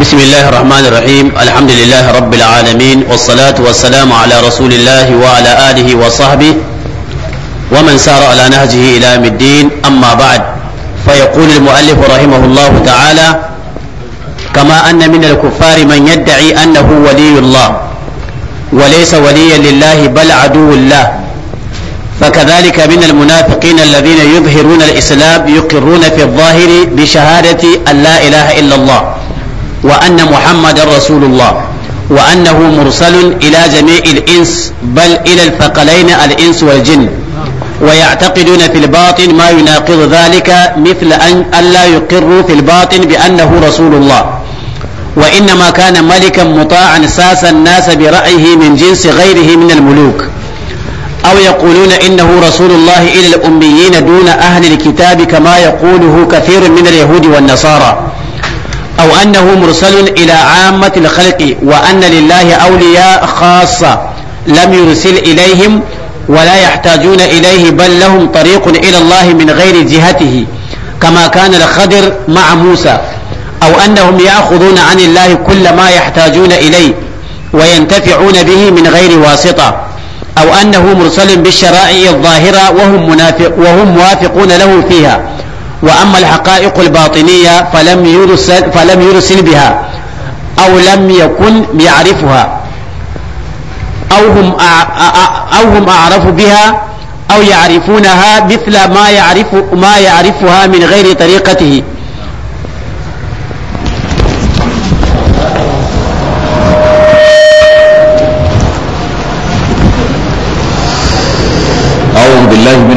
بسم الله الرحمن الرحيم الحمد لله رب العالمين والصلاة والسلام على رسول الله وعلى آله وصحبه ومن سار على نهجه إلى يوم الدين أما بعد فيقول المؤلف رحمه الله تعالى كما أن من الكفار من يدعي أنه ولي الله وليس وليا لله بل عدو الله فكذلك من المنافقين الذين يظهرون الإسلام يقرون في الظاهر بشهادة أن لا إله إلا الله وأن محمد رسول الله وأنه مرسل إلى جميع الإنس بل إلى الثقلين الإنس والجن ويعتقدون في الباطن ما يناقض ذلك مثل أن ألا يقروا في الباطن بأنه رسول الله وإنما كان ملكا مطاعا ساس الناس برأيه من جنس غيره من الملوك أو يقولون إنه رسول الله إلى الأميين دون أهل الكتاب كما يقوله كثير من اليهود والنصارى أو أنه مرسل إلى عامة الخلق وأن لله أولياء خاصة لم يرسل إليهم ولا يحتاجون إليه بل لهم طريق إلى الله من غير جهته كما كان الخضر مع موسى أو أنهم يأخذون عن الله كل ما يحتاجون إليه وينتفعون به من غير واسطة أو أنه مرسل بالشرائع الظاهرة وهم, منافق وهم موافقون له فيها وأما الحقائق الباطنية فلم يرسل, فلم يرسل بها أو لم يكن يعرفها أو هم, أو هم أعرف بها أو يعرفونها مثل ما يعرف ما يعرفها من غير طريقته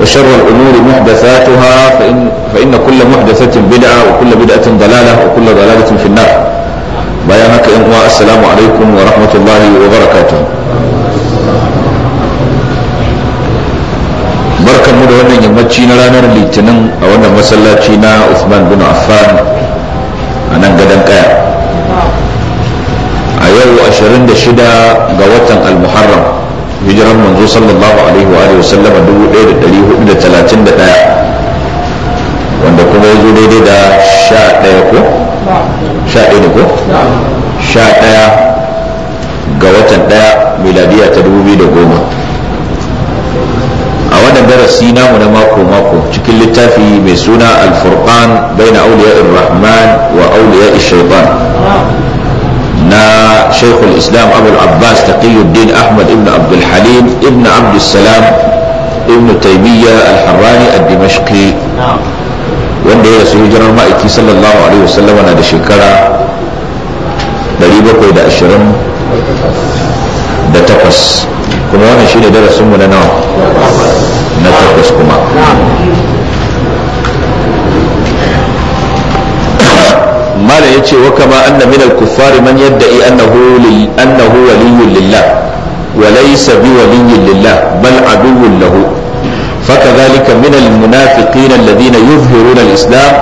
وشر الأمور محدثاتها فإن, فإن كل محدثة بدعة وكل بدعة ضلالة وكل ضلالة في النار بيانك إنواء السلام عليكم ورحمة الله وبركاته barkan mu da wannan yammaci na ranar litinin a wannan masallaci na usman bin Affan a nan gadon kaya a yau 26 ga watan al-Muharram hijirar manzo sallallahu alaihi wa alihi wasallam 1431 wanda kuma ya zo daidai da 11 ko 11 ko 11 ga watan 1 miladiya ta 2010 a wannan darasi namu na mako mako cikin littafi mai suna alfurqan baina awliya rahman wa awliya shaitan na shaykhul islam abul abbas taqiyuddin ahmad ibn abdul halim ibn abdul salam ibn taymiyya al-harrani dimashqi wanda ya rasu hijirar ma'aiki sallallahu alaihi wasallam na da shekara 728 kuma wannan shine darasinmu na nawa na takwas kuma mala ya ce wa kama anna min al-kuffar man waliyyun lillah wa laysa waliyyin lillah bal aduwwun lahu fakadhalika min munafikina munafiqin alladhina yuzhiruna al-islam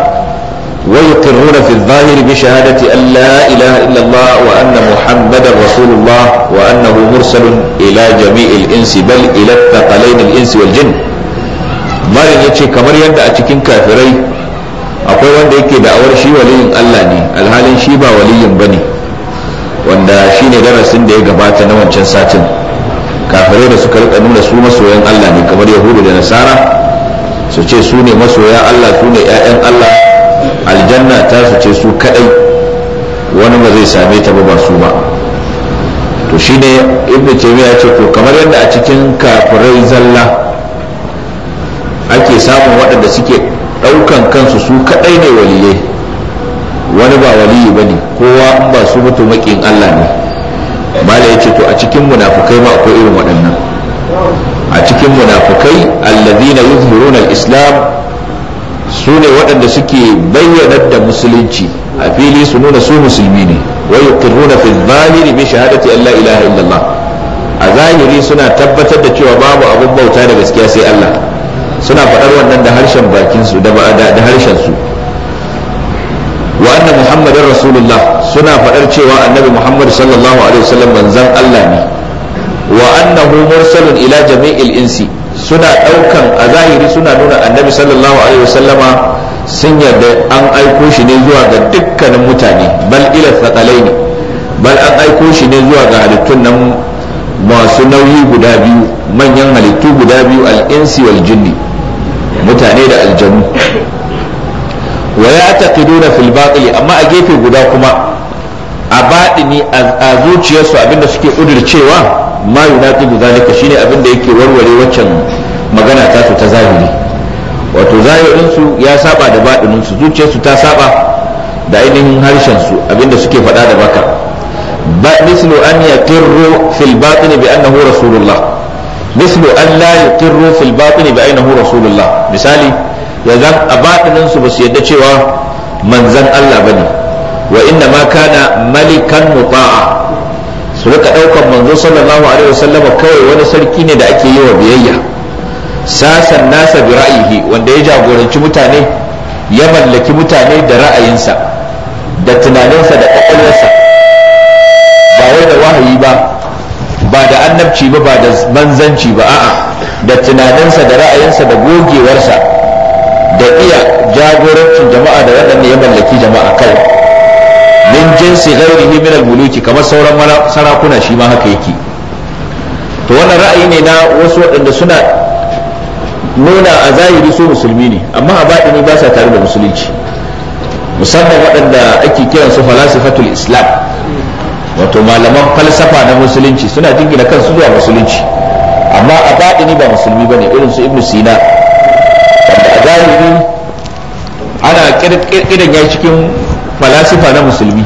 wa yuqirruna fi bi shahadati an la ilaha illa allah wa anna muhammadar rasulullah wa annahu mursalun insi bal ila al-thaqalain al-insi wal jinn mala ya ce kamar yadda a cikin kafirai akwai wanda yake da'awar shi waliyin Allah ne alhalin shi ba waliyin ba ne wanda shi ne darasin da ya gabata na wancan satin kafirai da suka rika nuna su masoyan Allah ne kamar yahudu da nasara su ce su ne masoya Allah su ne 'ya'yan Allah aljanna ta su ce su kadai wani ba zai same ta ba ba su ba to shi ne ibn taymiya ce to kamar yadda a cikin kafirai zalla ake samun waɗanda suke ɗaukan kansu su kaɗai ne waliyai wani ba waliyi ba ne kowa in ba su mutu Allah ne mala ya ce to a cikin munafukai ma akwai irin waɗannan a cikin munafukai allazina yuzhiruna al-islam su ne waɗanda suke bayyana da musulunci a fili su nuna su musulmi ne wa yuqirruna fi zahiri bi shahadati an la ilaha illallah a zahiri suna tabbatar da cewa babu abin bauta da gaskiya sai Allah suna faɗar wannan da harshen bakinsu da harshen su wa anna muhammadin rasulullah suna faɗar cewa annabi muhammad sallallahu alaihi wasallam manzan allah ne wa annahu mursalun ila jami'il insi suna ɗaukan a zahiri suna nuna annabi sallallahu alaihi sun yarda an aiko shi ne zuwa ga dukkanin mutane bal ila thakalai ne bal an aiko shi ne zuwa ga halittun nan masu nauyi guda biyu manyan halittu guda biyu al'insi wal jinni mutane da aljanu wa ya'taqiduna fil batil amma a gefe guda kuma a baɗini a zuciyarsu abinda suke ƙudurcewa ma yunaqidu zalika shine abinda yake warware waccan magana ta su ta zahiri wato zahirinsu ya saba da baɗininsu zuciyarsu ta saba da ainihin harshen su abinda suke faɗa da baka ba mislu an yaqirru fil batin bi annahu rasulullah mislu an la yuqirru fil batini bi ainihi rasulullah misali yanzu a batinin su basu yadda cewa manzan Allah bane wa inna ma kana malikan muta'a su rika daukan manzo sallallahu alaihi wasallam kawai wani sarki ne da ake yi wa biyayya sasan nasa bi wanda ya jagoranci mutane ya mallaki mutane da ra'ayinsa da tunaninsa da kwakwalwarsa ba wai da wahayi ba ba da annabci ba ba da manzanci ba a'a da tunaninsa da ra'ayinsa da gogewarsa da iya jagorancin jama'a da waɗanda ya mallaki jama'a kai min jinsi ghairihi min al-muluki kamar sauran sarakuna shi ma haka yake to wannan ra'ayi ne na wasu waɗanda suna nuna a zahiri su musulmi ne amma a baɗini ba sa tare da musulunci musamman waɗanda ake kiransu falasifatul islam wato malaman falsafa na musulunci suna jingina kansu zuwa musulunci amma a baɗini ba musulmi ba ne irin su sina wanda a zahiri ana ƙirƙirin ya cikin falasifa na musulmi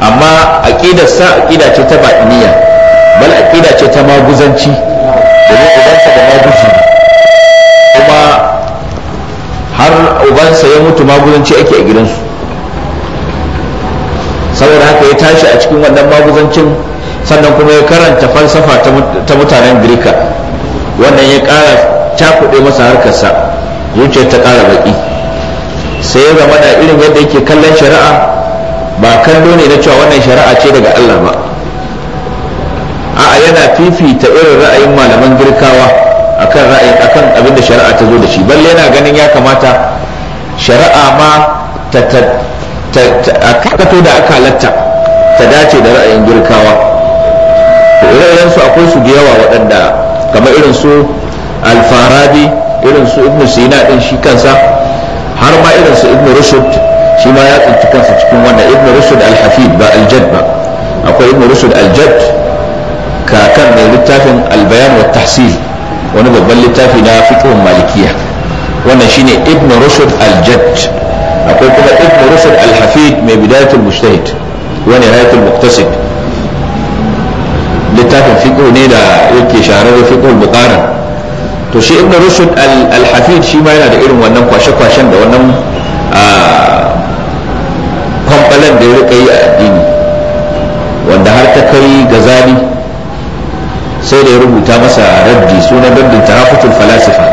amma aƙidar sa aƙida ce ta baɗiniya bal aƙida ce ta maguzanci domin ubansa da maguzi kuma har ubansa ya mutu maguzanci ake a gidansu saboda haka ya tashi a cikin wannan maguzancin sannan kuma ya karanta falsafa ta mutanen girka wannan ya kara cakuɗe masa harkarsa zuciyar ta kara baki. sai ya zama da irin yadda yake kallon shari'a ba kallo ne na cewa wannan shari'a ce daga allah ba a'a yana fifita irin ra'ayin malaman girkawa akan ra'ayin abin da shari'a ta zo da shi balle yana ganin ya kamata shari'a ma ta karkato da aka halarta ta dace da ra'ayin girkawa to su akwai su da yawa waɗanda kamar irin su alfarabi irin su ibnu sina din shi kansa har ma irin su ibnu rushd shi ma ya tsinci kansa cikin wannan ibnu rushd al-hafid ba al-jadd ba akwai ibnu rushd al-jadd kakan mai littafin al-bayan wa tahsil wani babban littafi na fiqhun malikiya wannan shine ibnu rushd al-jadd akwai kuma ibn rushd al-hafid mai bidayatul mujtahid wa nihayatul muqtasid littafin fiqh ne da yake shahararre fiqh al-bukhari to shi ibn rushd al-hafid shi ma yana da irin wannan kwashe-kwashen da wannan kwamfalan da ya rika yi a addini wanda har ta kai ga zani sai da ya rubuta masa raddi sunan raddin tahafutul falasifa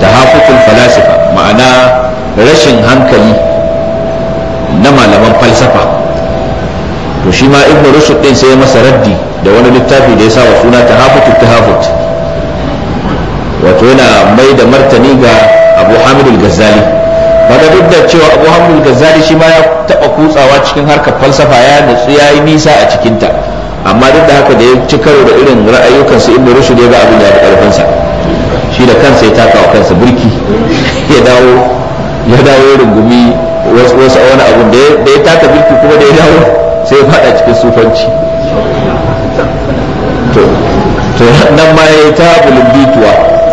tahafutul falasifa ma'ana rashin hankali na malaman falsafa to shi ma ibn rushd din sai ya masa raddi da wani littafi da ya sa wa suna ta hafutu wato yana mai da martani ga abu hamid al-ghazali bada duk da cewa abu hamid al-ghazali shi ma ya taba kutsawa cikin harkar falsafa ya nutsu ya yi nisa a cikinta amma duk da haka da ya ci karo da irin ra'ayyukan su ibn rushd ya ga abin da ya fi shi da kansa ya taka wa kansa burki ya dawo ya dawo rungumi wasu wani abun da ya taka birki kuma da ya dawo sai ya fada cikin sufanci to nan ma ya yi ta bituwa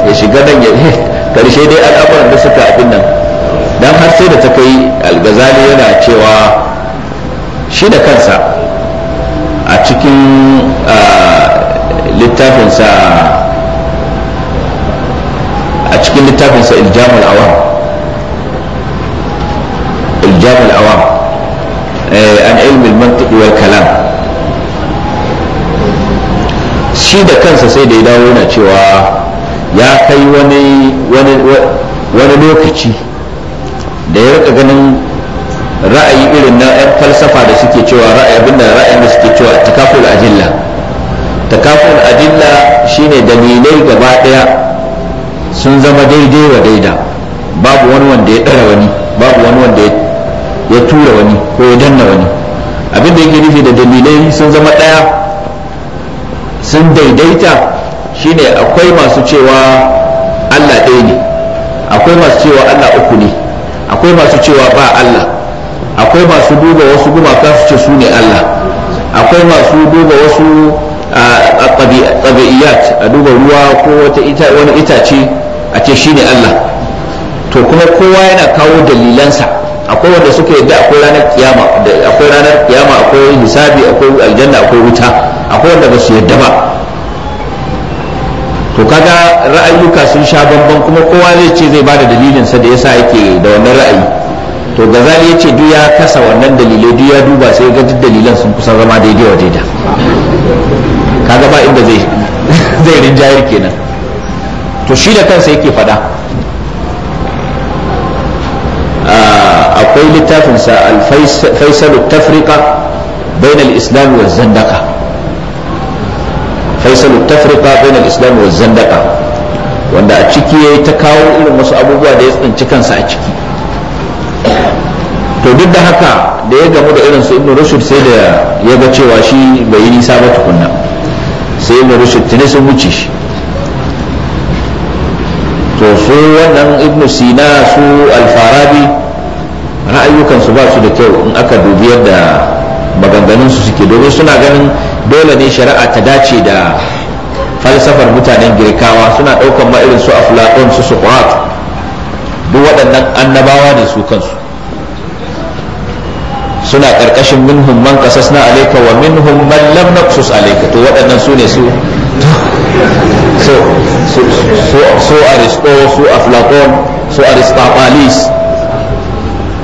ya shiga nan ya eh, karshe dai al'amuran da suka abin nan dan har sai da ta kai algazali yana cewa shi da kansa a cikin littafinsa a cikin littafinsa iljamul awam إعجاب العوام عن علم المنطق والكلام shi da kansa sai da ya dawo yana cewa ya kai wani lokaci da ya rika ganin ra'ayi irin na 'yan falsafa da suke cewa ra'ayi abinda ra'ayin da suke cewa takaful ajilla takaful ajilla shine dalilai gaba daya sun zama daidai wa daida babu wani wanda ya ɗara wani babu wani wanda ya ya tura wani ko ya danna wani abin da yake nufi da dalilai sun zama ɗaya sun daidaita shine akwai masu cewa Allah ɗaya ne akwai masu cewa Allah uku ne akwai masu cewa ba Allah akwai masu duba wasu gumaka su ce su ne Allah akwai masu duba wasu tabi'iyat a duba ruwa ko wani itace a ce shi ne Allah to kuma kowa yana kawo dalilansa akwai wanda suka yadda akwai ranar kiyama akwai ranar kiyama akwai hisabi akwai aljanna akwai wuta akwai wanda ba su yadda ba to kaga ra'ayuka sun sha bamban kuma kowa zai ce zai bada dalilin sa da yasa yake da wannan ra'ayi to gazali ya ce duk ya kasa wannan dalilai duk ya duba sai ga duk dalilan sun kusa zama daidai wa daida kaga ba inda zai zai rinjayar kenan to shi da kansa yake fada akwai littafinsa alfaisalu tafrika bainal islam wa zandaka faisalu tafrika islam wa zandaka wanda a ciki ya yi ta kawo irin wasu abubuwa da ya tsinci kansa a ciki to duk da haka da ya gamu da irin su ibn rushd sai da ya ga cewa shi bai yi nisa ba tukunna sai ibn rushd tuni sun wuce shi to su wannan ibn sina su alfarabi har ayyukansu ba su da kyau in aka dubi yadda maganganunsu suke domin suna ganin dole ne shari'a ta dace da falsafar mutanen girkawa suna ɗaukan ma irin su aflatun su suqrat duk waɗannan annabawa ne su kansu suna ƙarƙashin minhum man kasasna alayka wa minhum man lam naqsus alayka to waɗannan su ne su su su aristo su aflaton su aristotelis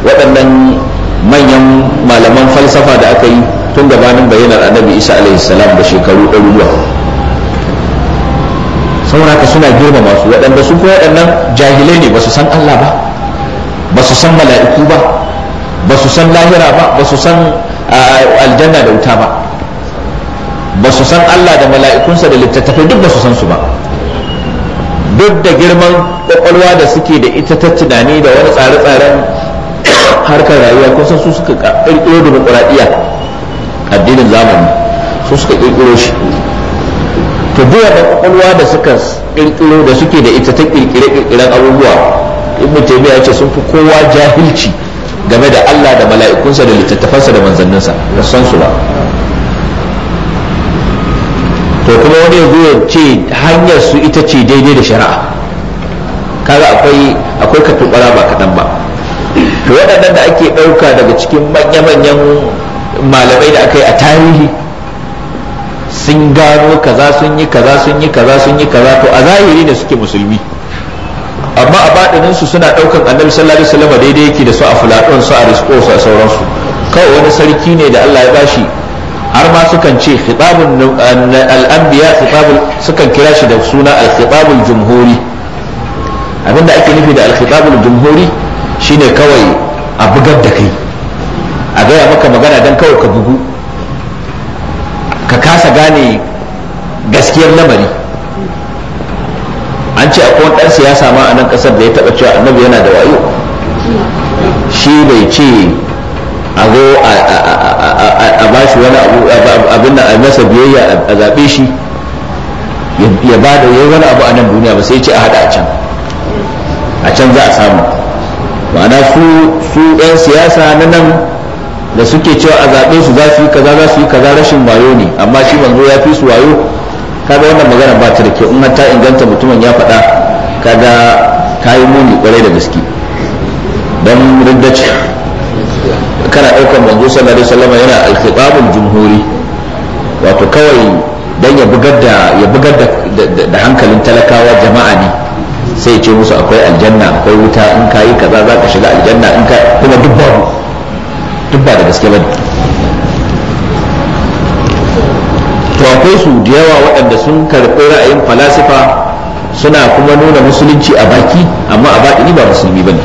waɗannan manyan malaman falsafa da aka yi tun gabanin bayyanar annabi isa alaihi salam da shekaru ɗaruruwa saboda haka suna girma masu waɗanda su kuma waɗannan jahilai ne ba su san allah ba ba su san mala'iku ba ba su san lahira ba ba su san aljanna da wuta ba ba su san allah da mala'ikunsa da littattafai duk ba su san su ba duk da girman kwakwalwa da suke da ita ta tunani da wani tsare-tsaren harkar rayuwa kun san su suka kirkiro demokuraɗiyya addinin zamani su suka kirkiro shi to duk da kwakwalwa da suka kirkiro da suke da ita ta kirkire kirkiren abubuwa in taymiya ya ce sun fi kowa jahilci game da Allah da mala'ikunsa da littattafansa da manzanninsa da san su ba to kuma wani ya zo ya ce hanyar su ita ce daidai da shari'a kaga akwai akwai katubara ba kaɗan ba to waɗannan da ake ɗauka daga cikin manya-manyan malamai da aka yi a tarihi sun gano kaza sun yi kaza sun yi kaza sun yi kaza to a zahiri ne suke musulmi amma a baɗinin su suna ɗaukan annabi sallallahu alaihi wasallam daidai yake da su a fuladon su a risko su a sauransu kawai wani sarki ne da Allah ya bashi har ma sukan ce khitabun eh, al-anbiya khitabul sukan kira shi da suna al-khitabul jumhuri abinda ake nufi da al-khitabul jumhuri shine kawai a bugar da kai a gaya maka magana don kawai ka bugu ka kasa gane gaskiyar lamari an ce akwai ɗan siyasa ma a nan ƙasar da ya taɓa cewa annabi yana da wayo shi bai ce a zo a ba shi wani abin da a masa biyayya a zaɓe shi ya ba da wani abu a nan duniya ba sai ce a haɗa a can a can za a samu ma'ana su su yan siyasa na nan da suke cewa a zaɓe su za su yi kaza za su yi kaza rashin wayo ne amma shi manzo ya fi su wayo kaga wannan magana ba ta da kyau in ta inganta mutumin ya faɗa kaga kayi muni ƙwarai da gaske don riddaci kana ɗaukar manzo sallallahu alaihi wasallam yana alkhitabul jumhuri wato kawai dan ya bugar da ya bugar da hankalin talakawa jama'a ne sai ce musu akwai aljanna akwai wuta in ka yi kaza za ka shiga aljanna in ka kuma duk duk ba da gaske ba to akwai su da yawa waɗanda sun karɓi ra'ayin falasifa suna kuma nuna musulunci a baki amma a baki ni ba musulmi ba ne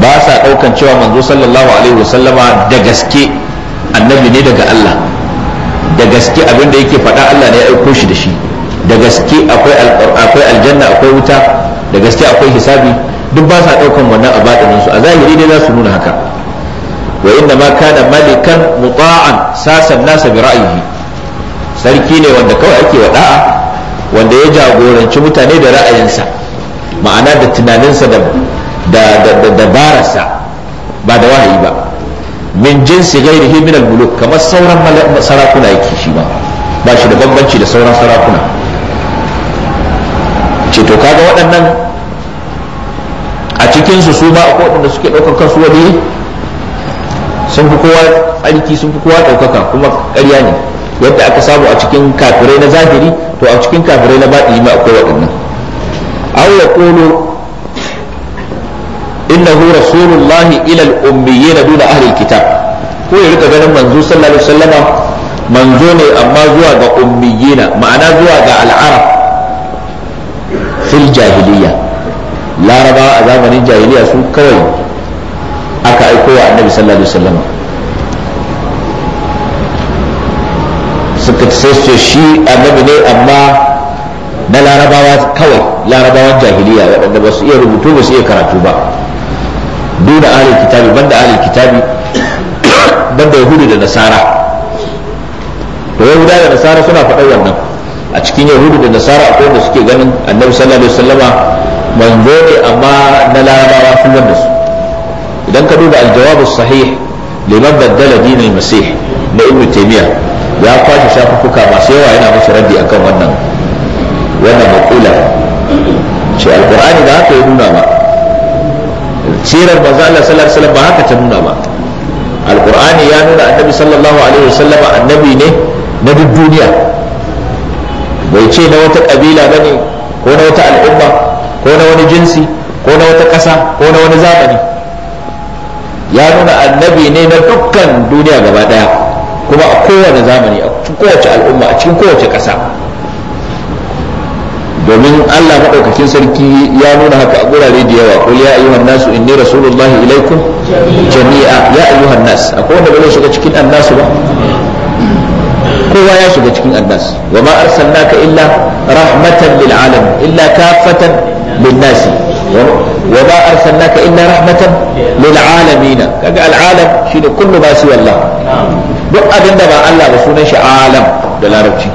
ba sa ɗaukan cewa manzo sallallahu alaihi wasallama da gaske annabi ne daga Allah da gaske abin da yake faɗa Allah ne ya aiko shi da shi da gaske akwai aljanna akwai wuta da gaske akwai hisabi duk ba sa daukan wannan a batinin su a zahiri ne za su nuna haka wa inna ma kana malikan muta'an sasan nasa bi ra'yihi sarki ne wanda kawai ake wa da'a wanda ya jagoranci mutane da ra'ayinsa ma'ana da tunaninsa da da dabararsa ba da wahayi ba min jinsi ghairihi min al-muluk kamar sauran sarakuna yake shi ba ba shi da bambanci da sauran sarakuna ce to kaga waɗannan cikinsu su ba akwai waɗanda suke ɗaukar kansu wani sun fi kowa aiki sun fi kowa ɗaukaka kuma ƙarya ne yadda aka samu a cikin kafirai na zahiri to a cikin kafirai na baɗi ma akwai waɗannan aw ya qulu innahu rasulullahi ilal al na duna ahli al-kitab ko ya rika ganin manzo sallallahu alaihi wasallama manzo ne amma zuwa ga ummiyina ma'ana zuwa ga al'arab fil jahiliya. larabawa a zamanin jahiliya su kawai aka aiko wa annabi sallallahu alaihi wasallam suka sai su shi annabi ne amma na larabawa kawai larabawan jahiliya waɗanda ba su iya rubutu ba su iya karatu ba duna ahlul kitabi banda ahlul kitabi banda yahudu da nasara to yahuda da nasara suna faɗar wannan a cikin yahudu da nasara akwai wanda suke ganin annabi sallallahu alaihi wasallama manzo ne amma na larabawa sun da su idan ka duba aljawabu sahih liman baddala dinil masih na ibnu taymiya ya kwashe shafukuka masu yawa yana musu raddi akan wannan wannan makula ce alqur'ani da haka ya nuna ba sirar manzo Allah sallallahu alaihi wasallam ba haka ta nuna ba alqur'ani ya nuna annabi sallallahu alaihi wasallam annabi ne na duk duniya bai ce na wata kabila bane ko na wata al'umma ko na wani jinsi ko na wata ƙasa ko na wani zamani ya nuna annabi ne na dukkan duniya gaba ɗaya, kuma a kowane zamani a kowace al'umma a cikin kowace ƙasa domin Allah maɗaukakin sarki ya nuna haka a gurare da yawa qul ya ayyuhan nasu inni rasulullahi ilaikum jami'a ya ayyuhan nasu, akwai wanda bai shiga cikin annasu ba kowa ya shiga cikin annas wa ma arsalnaka illa rahmatan lil alamin illa kafatan للناس وما أرسلناك إلا رحمة للعالمين كذا العالم شنو كل ما سوى الله duk abinda ba Allah ba sunan shi alam da larabci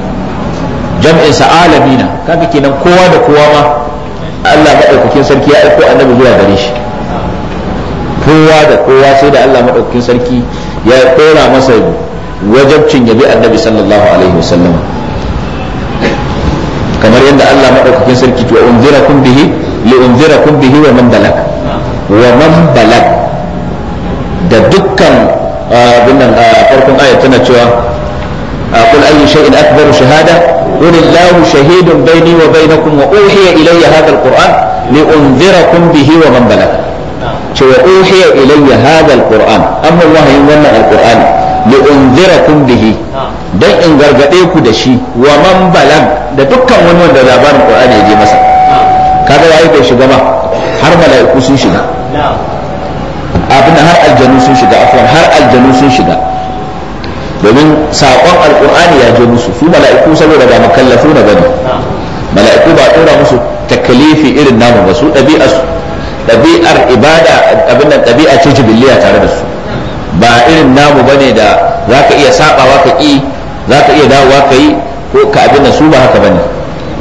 jam'in sa alamina kaga kenan kowa da kowa ma Allah madaukakin sarki ya aiko annabi zuwa gare shi kowa da kowa sai da Allah madaukakin sarki ya kora masa wajabcin bi annabi sallallahu alaihi kamar yadda Allah madaukakin sarki to kun bihi li kun bihi wa man balag wa man balag da dukkan abin a farkon ayat tana cewa قل أي شيء أكبر شهادة قل الله شهيد بيني وبينكم وأوحي إلي هذا القرآن لأنذركم به ومن بلغ وأوحي إلي هذا القرآن أما الله يمنع القرآن لأنذركم به don in gargaɗe ku da shi wa man balag da dukkan wani wanda labarin qur'ani ya je masa kaga yayi bai shiga ba har mala'iku sun shiga abin har aljanu sun shiga afwan har aljanu sun shiga domin saƙon alƙur'ani ya je musu su mala'iku saboda ba makallafu na bane mala'iku ba tura musu takalifi irin namu ba su ɗabi'ar ibada abin nan ɗabi'a ce jibiliya tare da su ba irin namu bane da za ka iya saɓawa ka ƙi za ka iya dawowa ka yi ko ka abin da su ba haka bane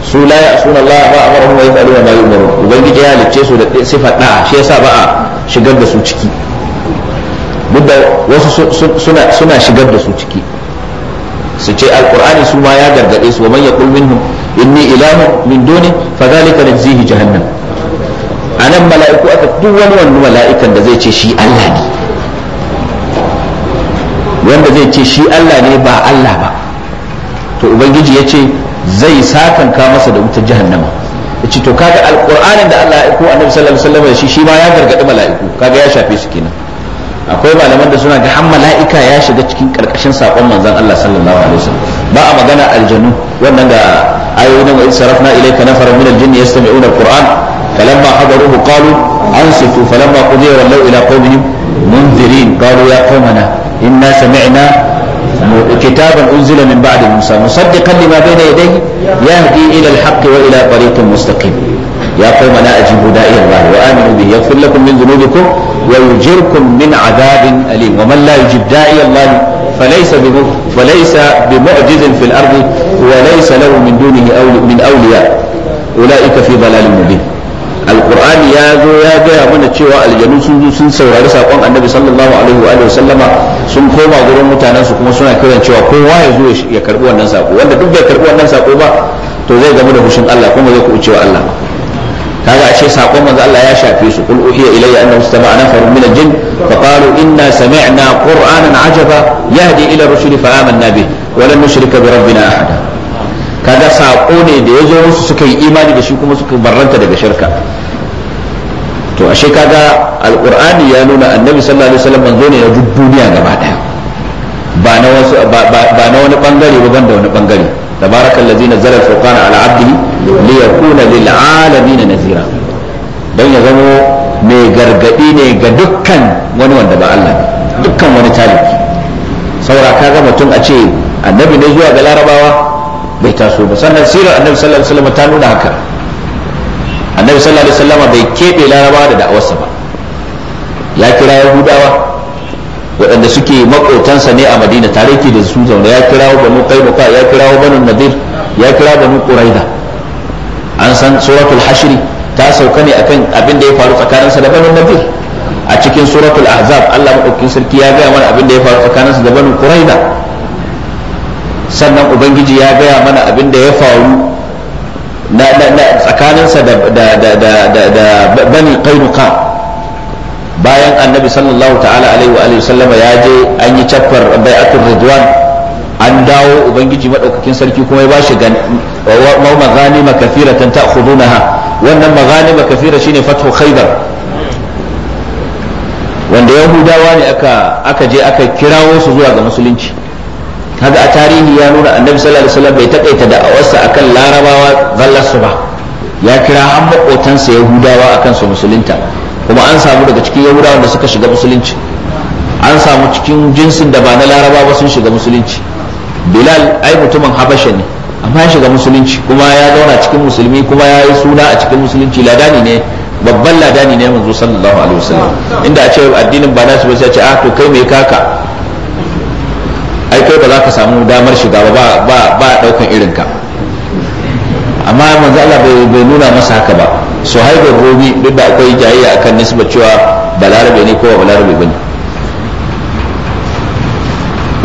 su la ya suna Allah ba amaru wa yafalu wa ma ubangiji ya halicce su da sifar da shi yasa ba a shigar da su ciki duk da wasu suna suna shigar da su ciki su ce alqur'ani su ma ya gargade su wa man yaqul minhum inni ilahu min duni fa najzihi jahannam anan mala'iku aka duk wani wani mala'ikan da zai ce shi Allah ne wanda zai ce shi Allah ne ba Allah ba to ubangiji ya ce zai sakanka masa da wutar jahannama ce to kaga alqur'anin da Allah ya aiko annabi sallallahu alaihi wasallam shi shi ma ya gargadi mala'iku kaga ya shafe su kenan akwai malaman da suna ga har mala'ika ya shiga cikin karkashin sakon manzon Allah sallallahu alaihi wasallam ba a magana aljanu wannan ga ayoyin wa sarafna ilayka nafara min aljinni yastami'una alquran falamma hadaruhu qalu ansitu falamma qudiya wallaw ila qawmihim munzirin qalu ya qawmana إنا سمعنا كتابا أنزل من بعد موسى مصدقا لما بين يديه يهدي إلى الحق وإلى طريق مستقيم يا قوم لا أجيب داعي الله وآمنوا به يغفر لكم من ذنوبكم ويجركم من عذاب أليم ومن لا يجب داعي الله فليس فليس بمعجز في الأرض وليس له من دونه أولي من أولياء أولئك في ضلال مبين Alkur'ani ya zo ya gaya mana cewa aljanu sun zo sun saurari sakon annabi sallallahu alaihi wa sallama sun koma wurin mutanen su kuma suna kiran cewa kowa ya zo ya karbi wannan sako wanda duk bai karbi wannan sako ba to zai gamu da fushin Allah kuma zai kuɓuce wa Allah kaga ashe sakon manzo Allah ya shafe su kul uhiya ilayya annahu istama'a nafarun min al-jinn fa qalu inna sami'na qur'anan ajaba yahdi ila rushd fa amanna bih wa lan nushrika bi rabbina ahada kaga sako ne da ya zo musu suka yi imani da shi kuma suka barranta daga shirka to ashe kaga alqur'ani ya nuna annabi sallallahu alaihi wasallam manzo ne na duk duniya gaba daya ba na wasu ba na wani bangare ba banda wani bangare tabarakallazi nazzala al-furqana ala 'abdihi liyakuna lil 'alamin nazira dan ya zamo mai gargadi ne ga dukkan wani wanda ba Allah dukkan wani taliki saura kaga mutum a ce annabi ne zuwa ga larabawa bai taso ba sannan sirar annabi sallallahu alaihi wasallam ta nuna haka annabi sallallahu alaihi wasallam bai keɓe laraba da da'awarsa ba ya kira yahudawa waɗanda suke makotansa ne a madina tare ke da su zaune ya kirawo banu qainuqa ya kirawo banu nadir ya kira banu quraida an san suratul hashri ta sauka ne akan abin da ya faru tsakaninsa da banu nadir a cikin suratul ahzab Allah madaukakin sarki ya gaya mana abin da ya faru tsakaninsa da banu quraida sannan ubangiji ya gaya mana abin da ya faru tsakaninsa da bani qainuqa bayan annabi sallallahu ta'ala alaihi wa sallama ya je an yi caffar bai'atul ridwan an dawo ubangiji madaukakin sarki kuma ya ba shi wa tan ta ha wannan maghanima kathira shine fathu khaybar wanda yahudawa ne aka aka je aka kirawo su zuwa ga musulunci kaga a tarihi ya nuna annabi sallallahu alaihi wasallam bai takaita da'awarsa akan larabawa zallarsu ba ya kira an makotansa yahudawa akan su musulunta kuma an samu daga cikin yahudawa da suka shiga musulunci an samu cikin jinsin da ba na laraba ba sun shiga musulunci bilal ai mutumin habasha ne amma ya shiga musulunci kuma ya zauna cikin musulmi kuma ya yi suna a cikin musulunci ladani ne babban ladani ne manzo sallallahu alaihi wasallam inda a ce addinin ba nasu ba sai a ce a ah, to kai mai kaka ai kai ba za ka samu damar shiga ba ba ba daukan irin ka amma manzo Allah bai nuna masa haka ba suhaibul rumi duk da akwai jayayya akan nisba cewa balarabe ne ko balarabe bane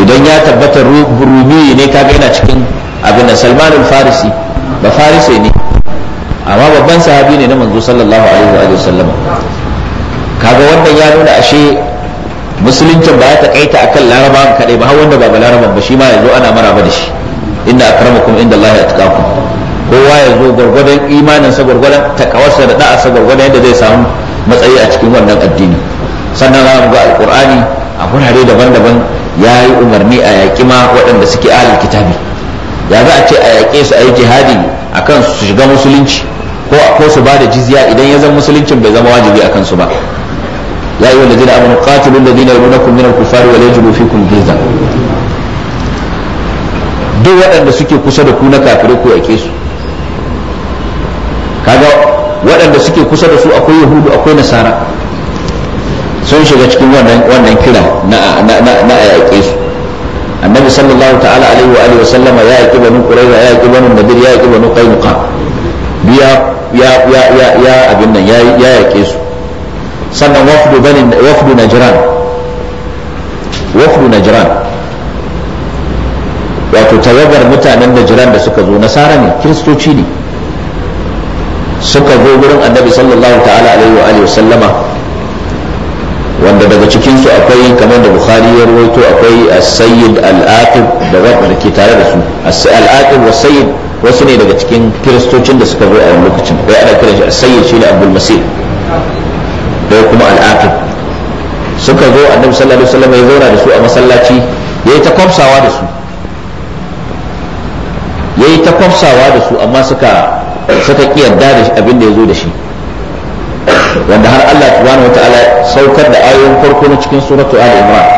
idan ya tabbata rumi ne kaga yana cikin abin da Salman al-Farisi ba Farisi ne amma babban sahabi ne na manzo sallallahu alaihi wa sallam. kaga wannan ya nuna ashe musuluncin ba ya takaita akan laraba kaɗai ba har wanda ba laraban ba shi ma zo ana maraba da shi inna akramakum inda Allah ya atqakum kowa ya zo gwargwadon imanin sa gwargwadon takawarsa da da'a sa gwargwadon yadda zai samu matsayi a cikin wannan addini sannan za mu ga alqur'ani a gurare daban-daban ya yi umarni a yaƙi ma waɗanda suke ahlul kitabi ya za a ce a yaƙe su a yi jihadi a kan su shiga musulunci ko su ba da jizya idan ya zama musuluncin bai zama wajibi a kansu ba ya ayyuhal ladina amanu qatilul ladina yalunakum min al-kuffari wa yajidu fikum ghilza duk waɗanda suke kusa da ku na kafirai ku yake su kaga waɗanda suke kusa da su akwai yahudu akwai nasara sun shiga cikin wannan kira na a yaƙe su annabi sallallahu ta'ala alaihi wa alihi sallama ya yaƙi banu quraiza ya yaƙi banu nadir ya yaƙi banu qainuqa biya ya ya ya ya abin nan ya yaƙe su sannan wafdu banin wafdu najran wafdu najran wato tawagar mutanen najran da suka zo nasara ne kiristoci ne suka zo gurin annabi sallallahu ta'ala alaihi wa alihi sallama wanda daga cikin su akwai kamar da bukhari ya rawaito akwai as-sayyid al-aqib da wanda ke tare da su al-aqib wa sayyid wasu ne daga cikin kiristocin da suka zo a wani lokacin bai ana kiran shi as-sayyid shi ne abdul masih ɗaya kuma al'aqib suka zo annabi sallallahu alaihi wasallam ya zauna da su a masallaci yayi ta kwamsawa da su yayi ta kwamsawa da su amma suka suka ki yarda da abin da ya zo da shi wanda har Allah subhanahu wataala saukar da ayoyin farko na cikin suratu ali imran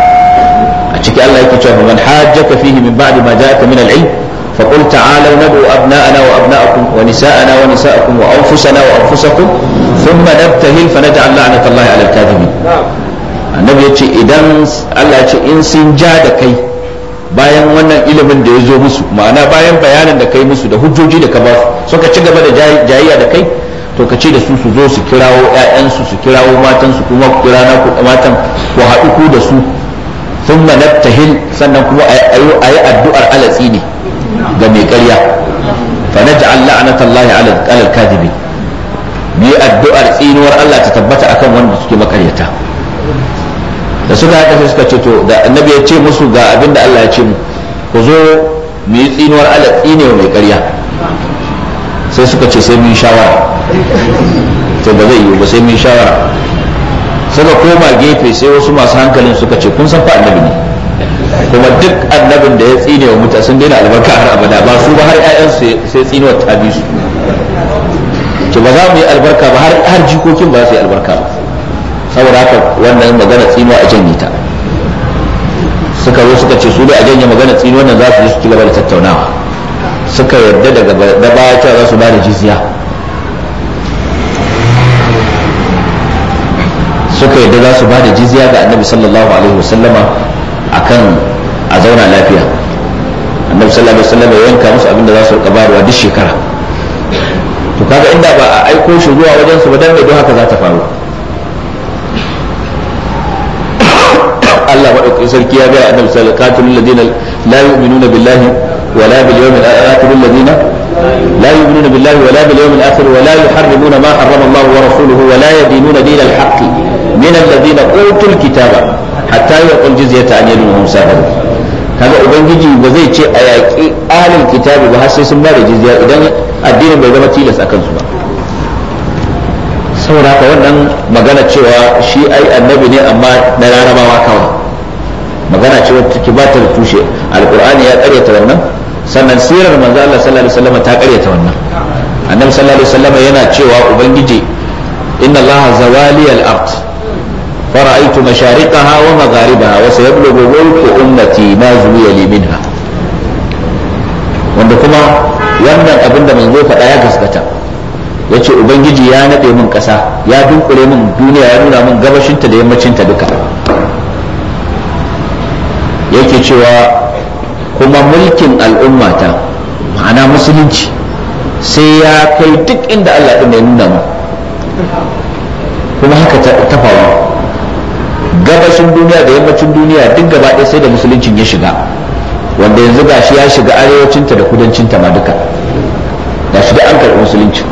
a ciki Allah yake cewa man hajjaka fihi min ba'di ma ja'aka min al-ilm فقل تعالوا ندعو أبناءنا وأبناءكم ونساءنا ونساءكم وأنفسنا وأنفسكم ثم نبتهل فنجعل لعنة الله على الكاذبين annabi ya ce idan Allah ya ce in sun ja da kai bayan wannan ilimin da ya zo musu ma'ana bayan bayanin da kai musu da hujjoji da ka ba su suka ci gaba da jayayya da kai to ka ce da su su zo su kirawo 'ya'yansu su kirawo matan su kuma ku kira na ku matan ku haɗu ku da su thumma nabtahil sannan kuma a yi addu'ar alatsi ne ga mai ƙarya fa Allah, ana tallahi, alal kadhibi bi addu'ar tsinuwar Allah ta tabbata akan wanda suke makaryata da suka haka sai suka ce to da annabi ya ce musu ga abinda Allah ya ce mu ku zo mu yi tsinuwar Allah tsinewa mai karya. sai suka ce sai mu yi shawara to ba zai yi ba sai mu yi shawara suka koma gefe sai wasu masu hankalin suka ce kun san fa annabi ne kuma duk annabin da ya tsine wa mutane sun daina albarka har abada ba su ba har ƴaƴan sai tsinewa ta bi su ki ba za mu yi albarka ba har jikokin ba su yi albarka ba saboda haka wannan magana tsinewa a janye ta suka zo suka ce su dai a janye magana tsinewa nan za su yi su ci gaba da tattaunawa suka yarda daga da baya cewa za su ba da jizya suka yarda za su ba da jizya ga annabi sallallahu alaihi wasallama akan a zauna lafiya annabi sallallahu alaihi wasallam ya yanka musu abinda da za su rika bayarwa duk shekara to kaga inda ba a aiko shi zuwa wajen su ba dan don haka za ta faru Allah madaukakin sarki ya ga annabi sallallahu alaihi wasallam ladina la yu'minuna billahi ولا باليوم الآخر الذين لا يؤمنون بالله ولا باليوم الآخر ولا يحرمون ما حرم الله ورسوله ولا يدينون دين الحق من الذين أوتوا الكتاب hatta ya kun jizya ta anil musa kaga ubangiji ba zai ce a yaƙi alin kitabu ba har sai sun ba da jizya idan addinin bai zama tilas akan su ba saboda haka wannan magana cewa shi ai annabi ne amma na larabawa kawai magana cewa take ba ta da tushe alqur'ani ya karyata wannan sannan sirar manzo Allah sallallahu alaihi wasallam ta karyata wannan annabi sallallahu alaihi wasallam yana cewa ubangiji inna allaha zawali al-ard فرأيت مشارقها ومغاربها وسيبلغ ملك أمتي ما زوي لي منها wanda kuma wannan abin da manzo faɗa ya gaskata ya ce ubangiji ya naɗe min ƙasa ya dunkule min duniya ya nuna min gabashinta da yammacinta duka yake cewa kuma mulkin al'ummata ma'ana musulunci sai ya kai duk inda Allah ɗin ya nuna kuma haka ta faru gabashin duniya da yammacin duniya duk gaba ɗaya sai da musuluncin ya shiga wanda yanzu ga shi ya shiga arewacinta da kudancinta ma duka ga shi an karɓi musulunci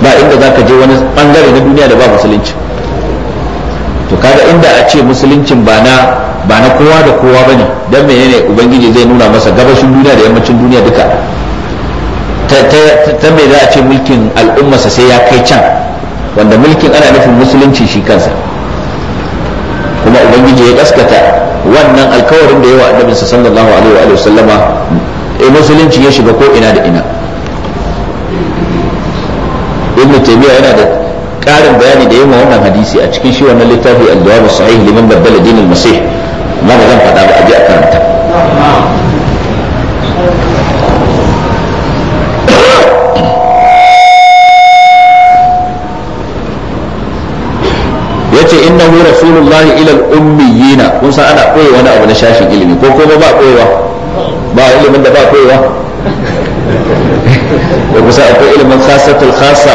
ba inda za ka je wani ɓangare na duniya da ba musulunci to kaga inda a ce musuluncin ba na ba na kowa da kowa bane dan menene ubangiji zai nuna masa gabashin duniya da yammacin duniya duka ta me za a ce mulkin al'ummarsa sai ya kai can wanda mulkin ana nufin musulunci shi kansa kuma ubangiji ya gaskata wannan alkawarin da yawa annabinsa sallallahu alaihi wa sallama eh musulunci ya shiga ko ina da ina ibn taymiya yana da karin bayani da yawa wannan hadisi a cikin shi wannan littafi al-jawab sahih liman baddala din al-masih ma ba zan faɗa ba a je a karanta إنه رسول الله إلى الأميين كنسا أنا قوي وأنا أبن شاشي إلمي كوكو ما بقى قوي ما أقول من دبا قوي وكنسا أقوي إلي من خاصة الخاصة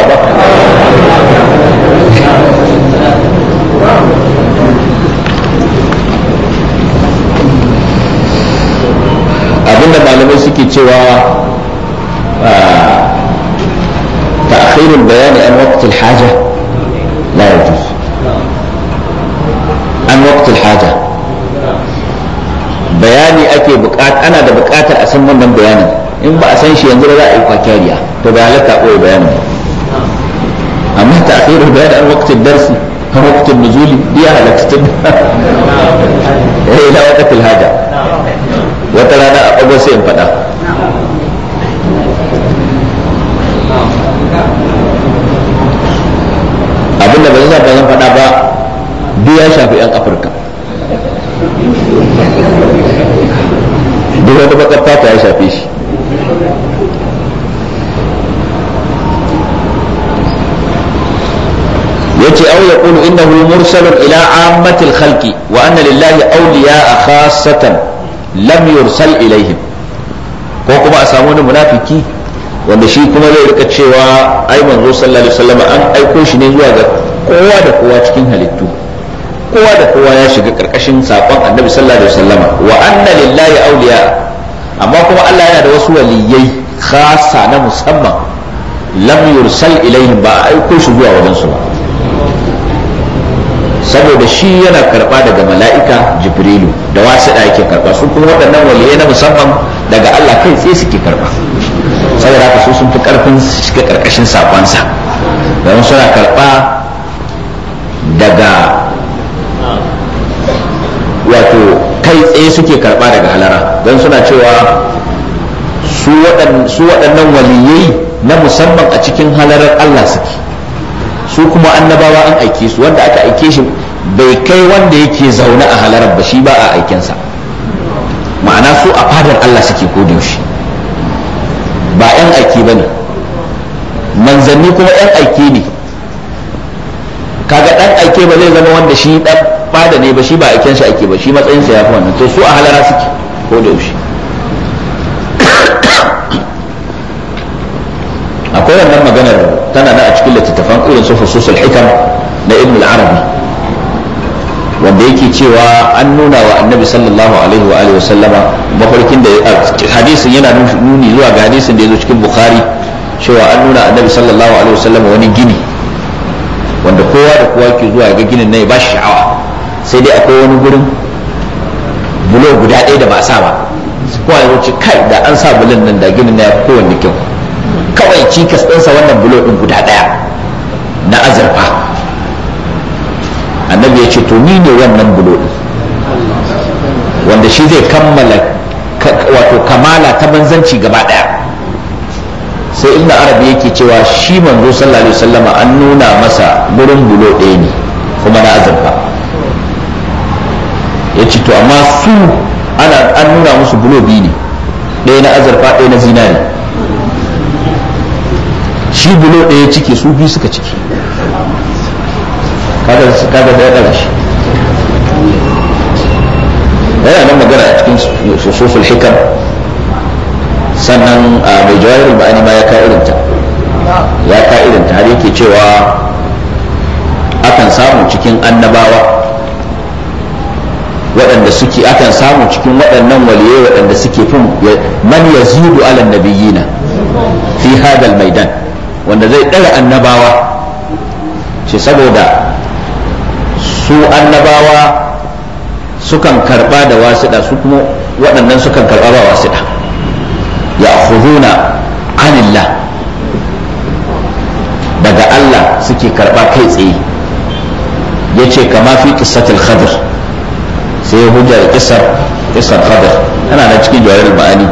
abinda malamai suke cewa ta akhirin bayani an waqtul haja la yajuz an waqtul haja bayani ake bukata ana da bukatar a san wannan bayanin in ba a san shi yanzu da za a yi kwakiyariya to ba halatta koyi bayanin amma ta akhiru bayan an waqtul darsi an waqtul nuzuli ya halatta tun eh la waqtul haja wata rana a kago sai in fada abinda ba zan faɗa ba duk ya shafi 'yan afirka duk wata ya shafe shi yace aw yaqulu innahu mursalun ila ammatil khalqi wa anna lillahi awliya'a khassatan lam yursal ilaihim ko kuma a samu wani munafiki wanda shi kuma zai rika cewa ai manzo sallallahu alaihi wasallam an aiko shi ne zuwa ga kowa da kowa cikin halittu kowa da kowa ya shiga karkashin sakon annabi sallallahu alaihi wasallama wa anna lillahi awliya amma kuma Allah yana da wasu waliyai khasa na musamman lam yursal ilaihim ba aiko shi zuwa wajen su ba saboda shi yana karba daga mala'ika jibrilu da wasu da yake karba su kuma waɗannan waliyai na musamman daga Allah kai tsaye suke karba saboda haka su sun fi karfin shiga karkashin sakonsa don suna karba daga wato kai tsaye suke karba daga halara don suna cewa su waɗannan waliyai na musamman a cikin halarar Allah suke su kuma annabawa an aike su wanda aka aike shi bai kai wanda yake zaune a halarar ba shi ba a aikensa ma'ana su a fadar Allah suke kodin shi ba 'yan aiki ba ne manzanni kuma 'yan aiki ne kaga ɗan aike ba zai zama wanda shi ɗan bada ne ba shi ba aikin shi ake ba shi matsayinsa ya fi wannan to su a halara suke ko da yaushe akwai wannan maganar tana nan a cikin littattafan irin su fususul hikam na ibn al-arabi wanda yake cewa an nuna wa annabi sallallahu alaihi wa alihi wasallama mafarkin da hadisin yana nuni zuwa ga hadisin da ya zo cikin bukhari cewa an nuna annabi sallallahu alaihi wasallama wani gini wanda kowa da kowa ke zuwa ga ginin na ya ba sha'awa sai dai akwai wani gurin bulo guda ɗaya da ba a sa ba su kowa ya wuce kai da an sa bulon nan da ginin na ya kowanne kyau kawai cikas ɗinsa wannan bulo ɗin guda ɗaya na azurfa annabi ya ce to ni ne wannan bulo ɗin wanda shi zai kammala wato kamala ta manzanci gaba ɗaya sai inda arabi yake cewa shi manzo sallallahu alaihi wasallama an nuna masa gurin bulo ɗaya ne kuma na azurfa ya ce to amma su ana an nuna musu bulo biyu ne ɗaya na azurfa ɗaya na zinari shi bulo ɗaya cike su biyu suka ciki kaga kaga da ya shi yana nan magana a cikin soso hikam sannan a mai jawahirul ma'ani ma ya ka irinta ya ka irinta har yake cewa akan samu cikin annabawa suke akan samu cikin waɗannan waliyai waɗanda suke fin man yazidu ala nabiyina fi hadal maidan wanda zai ɗara annabawa ce saboda su annabawa sukan karba da wasiɗa su kuma waɗannan sukan karba ba wasiɗa ya khuduna anillah daga Allah suke karɓa kai tsaye yace kama fi qissatil khadir sai ya hujja da kisar kisar khadar ana nan cikin jawar ma'ani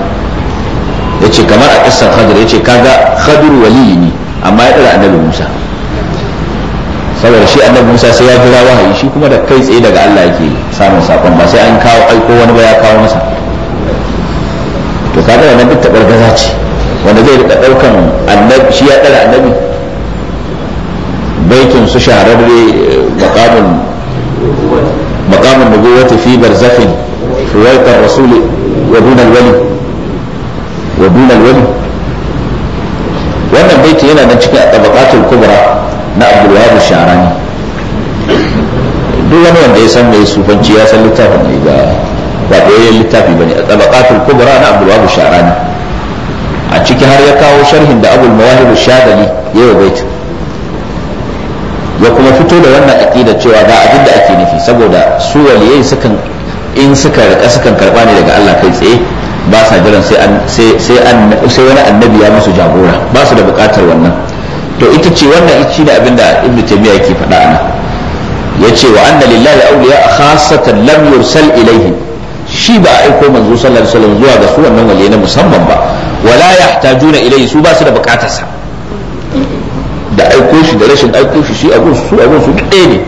ya ce kamar a kisar khadar ya ce kaga khadir waliyi ne amma ya ɗara annabi musa saboda shi annabi musa sai ya jira wahayi shi kuma da kai tsaye daga allah yake samun sakon ba sai an kawo aiko wani ba ya kawo masa to kaga wannan duk tabargaza ce wanda zai rika ɗaukan annabi shi ya ɗara annabi baitin su shahararre eh, makamin مقام النبوة في برزخ رواية الرسول ودون الولي ودون الولي wannan baiti yana nan cikin tabaqatul kubra na Abdul Wahab Sharani duk wani wanda ya san mai sufanci ya san littafin ne ba ba ɗayan littafi bane a tabaqatul kubra na Abdul Wahab Sharani a ciki har ya kawo sharhin da Abul Mawahib Shadali yayin baitin ya kuma fito da wannan aqida cewa ga abin da ake nufi saboda su waliyai sukan in suka rika sukan karba ne daga Allah kai tsaye ba sa jiran sai an sai sai wani annabi ya musu jagora ba su da bukatar wannan to ita ce wannan ci da abin da Ibn Taymiyyah yake faɗa ana yace wa anna lillahi awliya khassatan lam yursal ilaihim shi ba aiko manzo sallallahu alaihi wasallam zuwa ga su wannan waliyai na musamman ba wala yahtajuna ilayhi su ba su da bukatarsa da aiko shi da rashin aiko shi shi abun su abun su ɗaya ne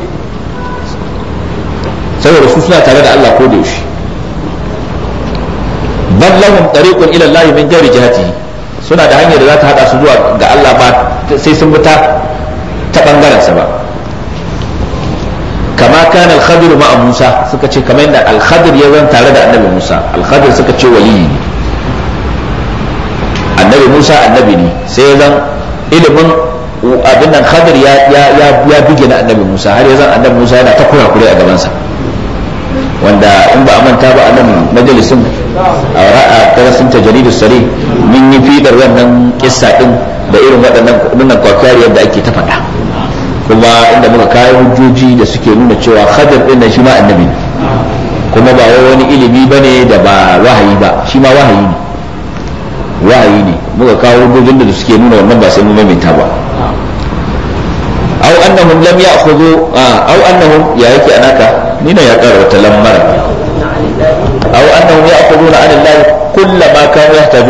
saboda su suna tare da Allah ko da yaushe bal lahum tariqun ila Allah min jari jihatihi suna da hanyar da za ta hada su zuwa ga Allah ba sai sun fita ta bangaren sa ba kama kan al-khadir ma'a Musa suka ce kamar yadda al-khadir ya zan tare da annabi Musa al-khadir suka ce waliyi ne annabi Musa annabi ne sai ya zan ilimin abin nan khadir ya ya ya bige na annabi Musa har yanzu annabi Musa yana ta kura a gabansa wanda in ba a manta ba a nan majalisin a ra'a ta jaridu sari mun yi fidar wannan kissa din da irin waɗannan wannan kwakwari yadda ake ta faɗa kuma inda muka kayan hujjoji da suke nuna cewa khadir din nan shi ma annabi kuma ba wani ilimi bane da ba wahayi ba shi ma wahayi ne wahayi ne muka kawo hujjojin da suke nuna wannan ba sai mun maimaita ba aw annahum lam ya'khudhu aw ah, annahum ya yake anaka ni ne ya karanta lammar aw annahum ya'khuduna 'ala ta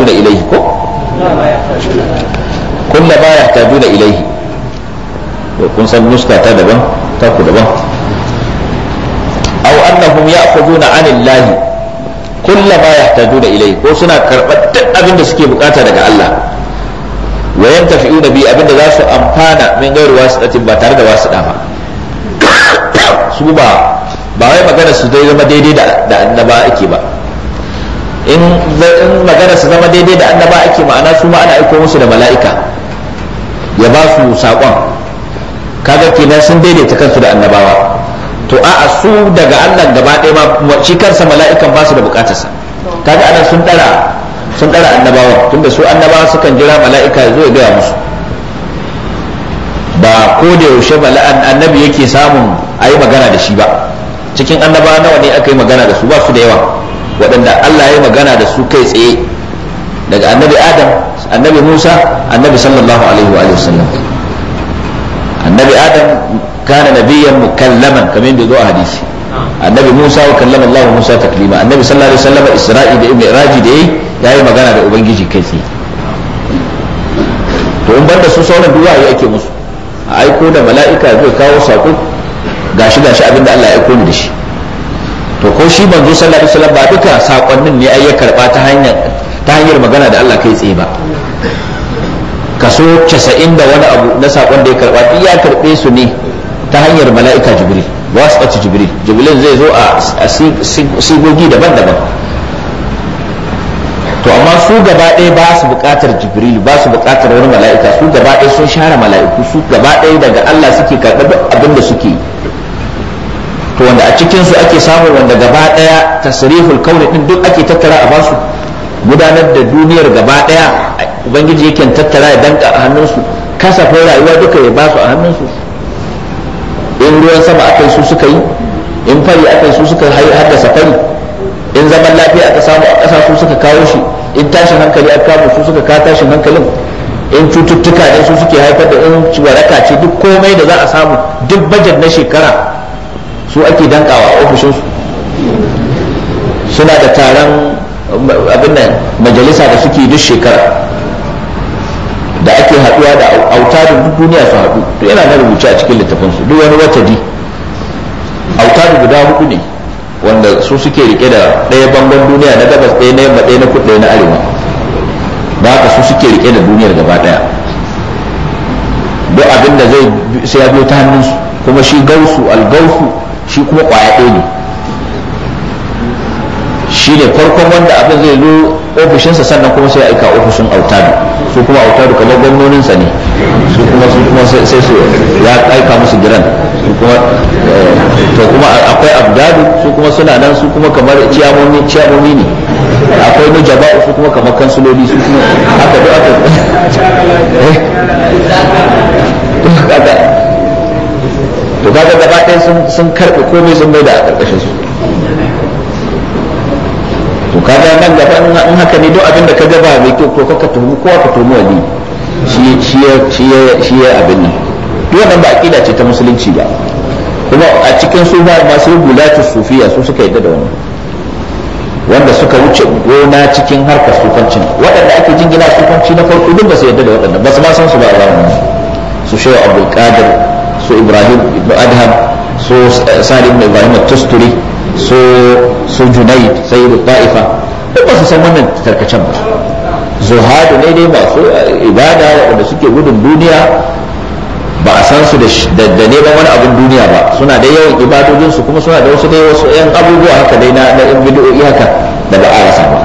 daban ta ko suna karɓar duk abin da suke buƙata daga Allah wa yantafi'una bi abinda za su amfana min gairu wasiɗatin ba tare da wasu ba su ba ba wai magana su dai zama daidai da annaba ake ba in magana su zama daidai da annaba ake ma'ana su ma ana aiko musu da mala'ika ya ba su saƙon kaga kenan sun daidaita kansu da annabawa to a'a su daga Allah gaba ɗaya ma shi kansa mala'ikan ba su da bukatarsa kaga ana sun ɗara sun ɗara annabawa tunda su annabawa sukan jira mala'ika ya zo ya gaya musu ba ko da yaushe annabi yake samun a yi magana da shi ba cikin annabawa nawa ne aka yi magana da su ba su da yawa waɗanda Allah ya yi magana da su kai tsaye daga annabi adam annabi musa annabi sallallahu alaihi wa sallam annabi adam kana nabiyan mukallaman kamar yadda zo a hadisi annabi Musa wa kallama Allah Musa taklima annabi sallallahu alaihi wasallam Isra'i da Raji da yayi yayi magana da ubangiji kai tsaye to in banda su sauran duwa ya ake musu a aiko da mala'ika zai kawo sako gashi gashi abinda Allah ya aiko ni da shi to ko shi manzo sallallahu alaihi wasallam ba duka sakonnin ne ai ya karba ta hanyar ta hanyar magana da Allah kai tsaye ba kaso 90 da wani abu na sakon da ya karba ya karbe su ne ta hanyar mala'ika jibril wasu jibril jibril zai zo a sigogi daban-daban to amma su gaba ɗaya ba su buƙatar jibril ba su buƙatar wani mala'ika su gaba ɗaya sun share mala'iku su gaba ɗaya daga allah suke karɓar duk abin da suke yi to wanda a cikinsu ake samun wanda gaba ɗaya tasriful kauni ɗin duk ake tattara a basu gudanar da duniyar gaba ɗaya ubangiji yake tattara ya danka a hannunsu kasafin rayuwa duka ya basu a hannunsu in ruwan sama akai su suka yi in fari akai su suka haddasa fari in zaman lafiya aka samu a ƙasa su suka kawo shi in tashin hankali aka kamo su suka ka tashin hankalin in cututtuka ne su suke haifar da in waraka ce duk komai da za a samu duk bajet na shekara su ake dankawa a ofishinsu suna da taron abin nan majalisa da suke duk shekara da ake haɗuwa da autarin duk duniya su haɗu to yana na rubuce a cikin littafin su duk wani wata di autarin guda hudu ne wanda su suke rike da ɗaya bangon duniya na gabas ɗaya na yamma ɗaya na kudu ɗaya na arewa da haka su suke rike da duniyar gaba ɗaya duk abin da zai sai ya biyo ta su kuma shi gausu algausu shi kuma kwaya ɗaya ne shi ne farkon wanda abin zai zo ofishinsa sannan kuma sai aika ofishin autadu su kuma autadu kamar gwamnoninsa ne su kuma su kuma sai su ya aika musu giran su kuma eh, to kuma akwai abdadu su kuma suna nan su kuma kamar ciyamomi ciyamomi ne akwai ni nujaba su kuma kamar kansuloli su kuma haka duk aka eh. to kaga gaba ɗaya sun karɓe komai sun mai da a ƙarƙashin su kaga nan gaba in haka ne duk abin da ka gaba mai kyau ko ka tuhumi kowa ka tuhumi wani shi shi ya abin nan duk wannan ba aqida ce ta musulunci ba kuma a cikin su ba masu gulatu sufiya su suka yadda da wannan wanda suka wuce gona cikin harkar sufancin waɗanda ake jingina sufanci na farko duk ba su yadda da waɗanda ba su ma san su ba a zamanin su shehu abdul qadir su ibrahim ibn adham su salim ibrahim tusturi su su junaid da ta'ifa duk ba su san wannan tarkacen ba zuhadu ne dai masu ibada waɗanda suke gudun duniya ba a san su da neman wani abin duniya ba suna da yawan ibadojin kuma suna da wasu dai wasu yan abubuwa haka dai na na bidiyoyi haka da ba a rasa ba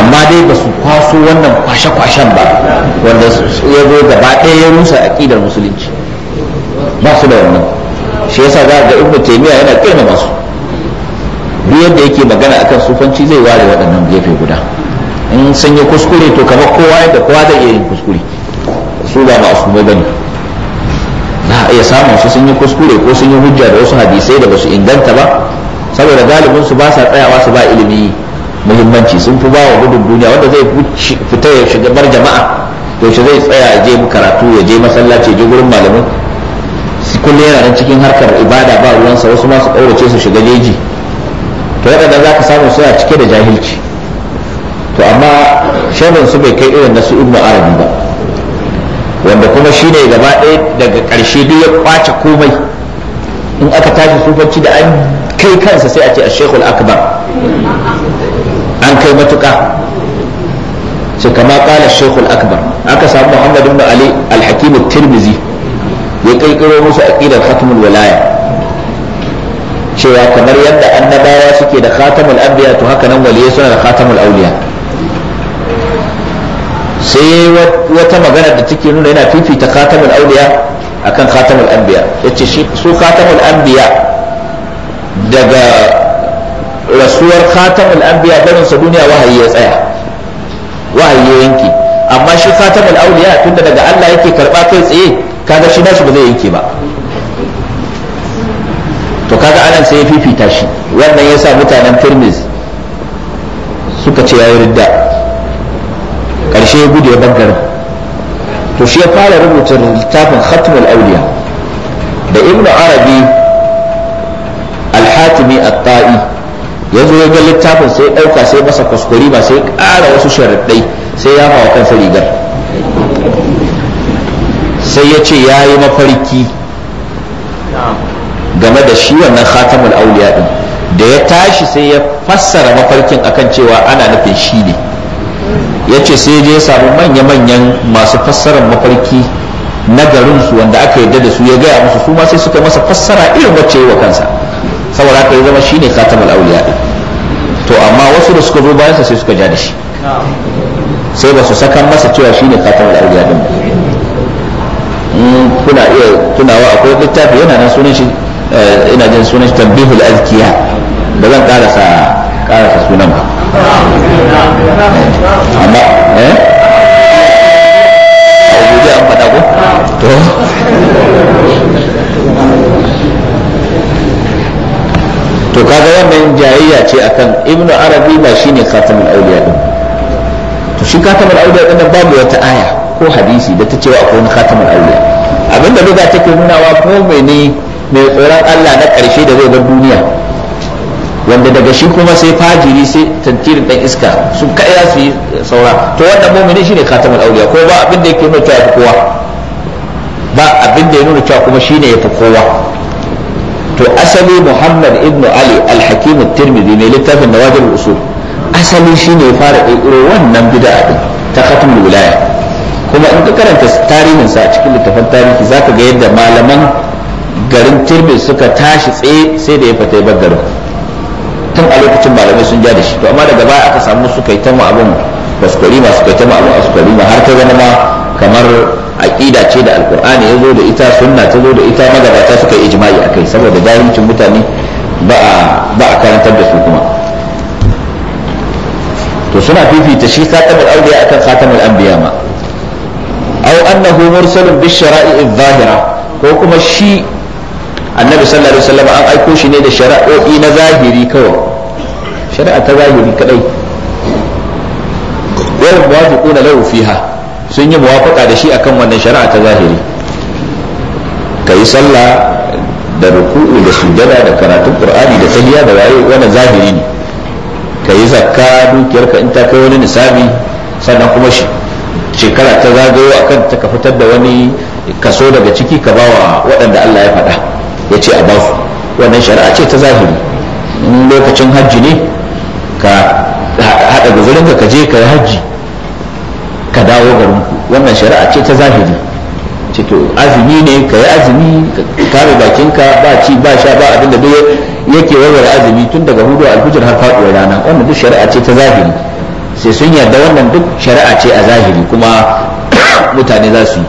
amma dai ba su kwaso wannan kwashe-kwashen ba wanda ya zo gaba ɗaya ya rusa aƙidar musulunci ba su da wannan shi yasa za ga ibnu taymiya yana kirma masu duk yadda yake magana akan sufanci zai ware waɗannan gefe guda in sun yi kuskure to kamar kowa yadda kowa zai iya yin kuskure su ba ma'asumai bane za na iya samun su sun yi kuskure ko sun yi hujja da wasu hadisai da basu inganta ba saboda galibin su ba sa tsayawa su ba ilimi muhimmanci sun fi ba wa gudun duniya wanda zai fita ya shiga bar jama'a to shi zai tsaya ya je karatu ya je masallaci ya je gurin malamin kullum yana nan cikin harkar ibada ba ruwansa wasu masu su su shiga jeji to waɗanda za ka samu suna cike da jahilci to amma sharrin su bai kai irin na su ibnu arabi ba wanda kuma shine gaba ɗaya daga ƙarshe duk ya kwace komai in aka tashi sufanci da an kai kansa sai a ce ashekul akbar an kai matuƙa sai kama kala shekul akbar aka samu muhammad ibn ali al-hakim tirmizi ya kirkiro musu aqidar khatmul walaya cewa kamar yadda annabawa suke da khatamul anbiya to haka nan waliyai suna da khatamul auliya sai wata magana da take nuna yana fifita khatamul auliya akan khatamul anbiya yace shi su khatamul anbiya daga rasuwar khatamul anbiya barin sa duniya wahayi ya tsaya wahayi ya yanke amma shi khatamul auliya tunda daga Allah yake karba kai tsaye kaga shi ba zai yanke ba to kaga anan sai ya fifita shi wannan yasa mutanen turmiz suka ce yayi ridda karshe ya gudu ya bangare to shi ya fara rubuta littafin khatmul awliya da ibnu arabi al-hatimi at-ta'i zo ya ga littafin sai dauka sai masa kuskuri ba sai ƙara wasu sharaɗai sai ya fawa kansa rigar sai ya ce ya yi mafarki game da shi wannan khatamul auliya din da ya tashi sai ya fassara mafarkin akan cewa ana nufin shi ne ya ce sai je ya samu manya-manyan masu fassarar mafarki na garinsu wanda aka yarda da su ya gaya musu su ma sai suka masa fassara irin wacce yi wa kansa saboda aka ya zama shi ne khatamul auliya din to amma wasu da suka zo bayansa sai suka ja da shi sai ba su saka masa cewa shi ne khatamul auliya din ba hmm, kuna iya tunawa akwai littafi yana nan sunan shi Eh, ina jin sunan al azkiya ba zan karasa karasa sunan ba eh, amma eh a an faɗa ko to to kaga wannan jayayya ce akan ibnu arabi ba shine khatamul awliya din to shi khatamul awliya din babu wata aya ko hadisi da ta cewa akwai wani khatamul awliya abinda da take wa ko mene mai tsoron Allah na ƙarshe da zai bar duniya wanda daga shi kuma sai fajiri sai tantirin dan iska su kai za su yi saura to wannan mumini shine katamul auliya ko ba abin da yake nuna cewa kowa ba abin da ya nuna cewa kuma shine yafi kowa to asali Muhammad ibn Ali al-Hakim at-Tirmidhi mai littafin Nawajib usul asali shine ya fara kirkiro wannan bid'a din ta khatmul wilaya kuma in ka karanta tarihin sa a cikin littafin tarihi zaka ga yadda malaman garin tirmis suka tashi tsaye sai da ya fata bar garin tun a lokacin malamai sun ja da shi to amma daga baya aka samu suka yi ta mu abin kwaskwari masu kai ta abin ma har ta zama ma kamar aqida ce da alkur'ani ya zo da ita sunna ta zo da ita magabata suka yi ijma'i akai saboda jahilcin mutane ba a karantar da su kuma to suna fifita shi khatamul awliya akan khatamul anbiya ma aw annahu mursalun bi shara'i adh-dhahira ko kuma shi annabi sallallahu alaihi wasallam an aiko shi ne da shari'o'i na zahiri kawai shari'a ta zahiri kadai wal muwafiquna lahu fiha sun yi muwafaqa da shi akan wannan shari'a ta zahiri kai sallah da ruku'u da sujada da karatun qur'ani da tahiyya da waye wannan zahiri ne kai zakka dukiyarka in ta kai wani nisabi sannan kuma shi shekara ta zagayo akan ta ka fitar da wani kaso daga ciki ka bawa waɗanda Allah ya faɗa ya ce a ba su wannan shari'a ce ta zahiri in lokacin hajji ne ka haɗa guzurinka ka je ka yi hajji ka dawo garinku wannan shari'a ce ta zahiri ce to azumi ne ka yi azumi ka kare bakinka ba ci ba sha ba abin da yake warware azumi tun daga hudu alfijir har faɗuwar rana wannan duk shari'a ce ta zahiri sai sun yarda wannan duk shari'a ce a zahiri kuma mutane za su yi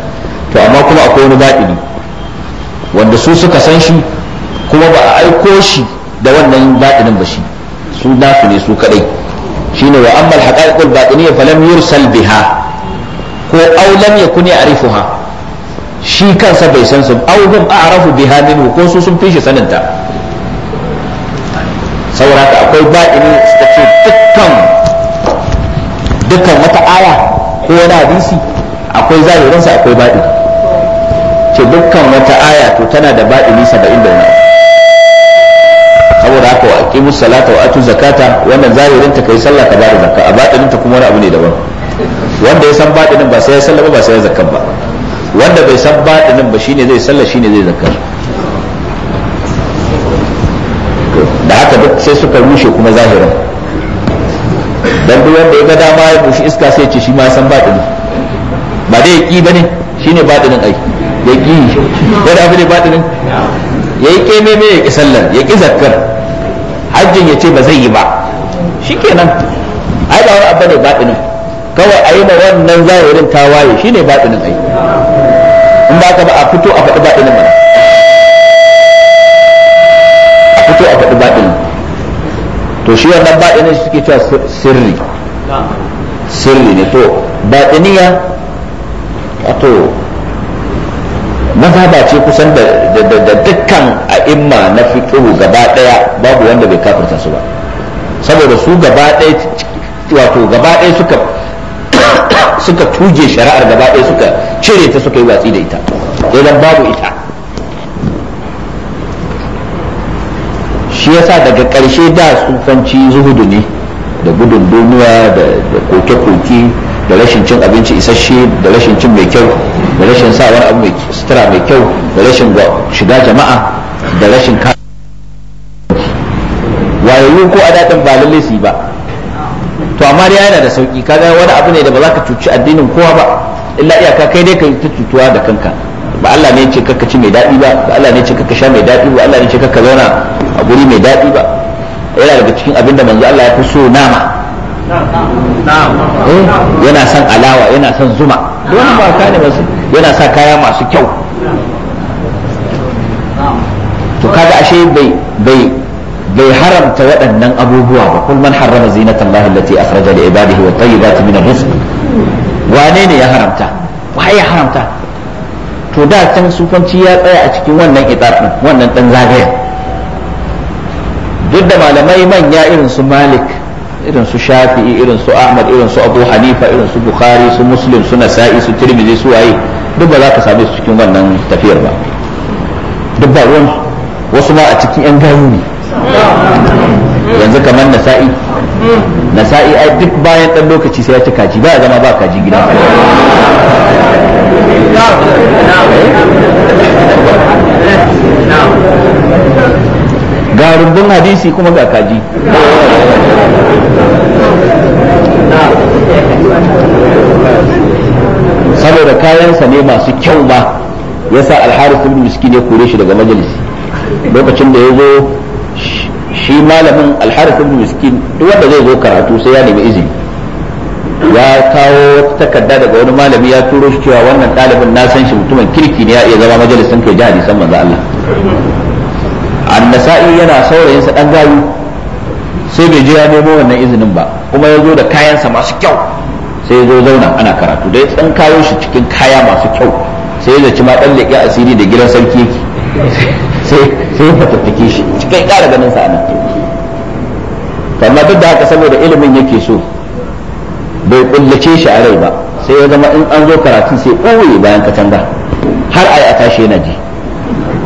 to amma kuma akwai wani baɗini wanda su suka san shi kuma ba a aiko shi da wannan baɗinin ba shi su nasu ne su kadai shine wa ammal haqaiqul batiniyya falam yursal biha ko aw lam yakun ya'rifuha shi kansa bai san su aw a'rafu biha minhu ko su sun fi shi saninta saboda akwai batini suka ce dukkan dukkan wata aya ko wani hadisi akwai zahirinsa akwai baɗi ce dukkan wata aya to tana da baɗini saba'in da wani saboda haka wa aqimu salata wa atu zakata wannan zahirin ta kai sallah ka ba da zakka a baɗinin ta kuma wani abu ne daban wanda ya san nan ba sai ya sallah ba sai ya zakka ba wanda bai san nan ba shine zai sallah shine zai zakka da haka duk sai suka rushe kuma zahirin dan duk wanda ya ga dama ya bushi iska sai ya ce shi ma ya san baɗinin ba dai ya ki ba ne shine baɗinin aiki ya ki wani abu ne batinin ya yi keme mai ya ki sallar ya ki zakkar hajjin ya ce ba zai yi ba shikenan ai ba wani abu ne batinin kawai a yi ma wannan zahirin tawaye ne batinin ai in ba ka ba a fito a faɗi batinin ba a fito a faɗi batinin to shi wannan batinin shi suke cewa sirri sirri ne to batiniya wato ba ce kusan da dukkan a'imma na fiqhu gaba daya babu wanda bai kafirta su ba saboda su gaba daya wato gaba daya suka suka tuje shari'ar gaba daya suka cire ta suka yi watsi da ita idan babu ita shi yasa daga ƙarshe da sufanci zuhudu ne da gudun duniya da koke-koke da rashin cin abinci isasshe da rashin cin mai kyau da rashin sa wani abu mai sutura mai kyau da rashin shiga jama'a da rashin ka wayayyu ko a daɗin ba lalle su yi ba to amma dai yana da sauki kaga wani abu ne da ba za ka cuci addinin kowa ba illa iyaka kai dai ka yi ta cutuwa da kanka ba Allah ne ce kaka ci mai daɗi ba ba Allah ne ce kaka sha mai daɗi ba Allah ne ce kaka zauna a guri mai daɗi ba yana daga cikin abin da manzo Allah ya fi so nama Eh, yana son alawa yana son zuma wani mata ne masu yana sa kaya masu kyau to kaga ashe bai bai bai haramta waɗannan abubuwa ba kun man harrama Allah allati akhraja li ibadihi wa tayyibati min ar-rizq wane ne ya haramta wai ya haramta to da can sufanci ya tsaya a cikin wannan idafin wannan dan zagaya duk da malamai manya irin su malik irin su shafi'i irin su ahmad irin su abu hanifa irin su bukhari su muslim su nasa'i su tirmidhi su waye duk ba za ka same su cikin wannan tafiyar ba duk ba ruwan wasu ma a cikin yan gayu ne yanzu kamar nasa'i nasa'i ai duk bayan dan lokaci sai ya ci kaji ba ya zama ba kaji gida eh? ga rumbun hadisi kuma ga kaji saboda kayansa ne masu kyau ba ya sa alharis ibn miskin ya kore shi daga majalisi lokacin da ya zo shi malamin alharis ibn miskin duk wanda zai zo karatu sai ya nemi izini ya kawo takarda daga wani malami ya turo shi cewa wannan ɗalibin na san shi mutumin kirki ne ya iya zama majalisin kai ji hadisan manzo Allah annasa'i yana saurayin sa dan gayu sai bai je ya nemo wannan izinin ba kuma ya zo da kayansa masu kyau sai ya zo zauna ana karatu dai tsan kayo shi cikin kaya masu kyau sai ya zaci ma dan leƙi asiri da gidan sarki yake sai sai fatattake shi cikin ƙara ganin sa anan kamar duk da haka saboda ilimin yake so bai kullace shi a rai ba sai ya zama in an zo karatun sai ɓoye bayan ka canza har a yi a tashi yana ji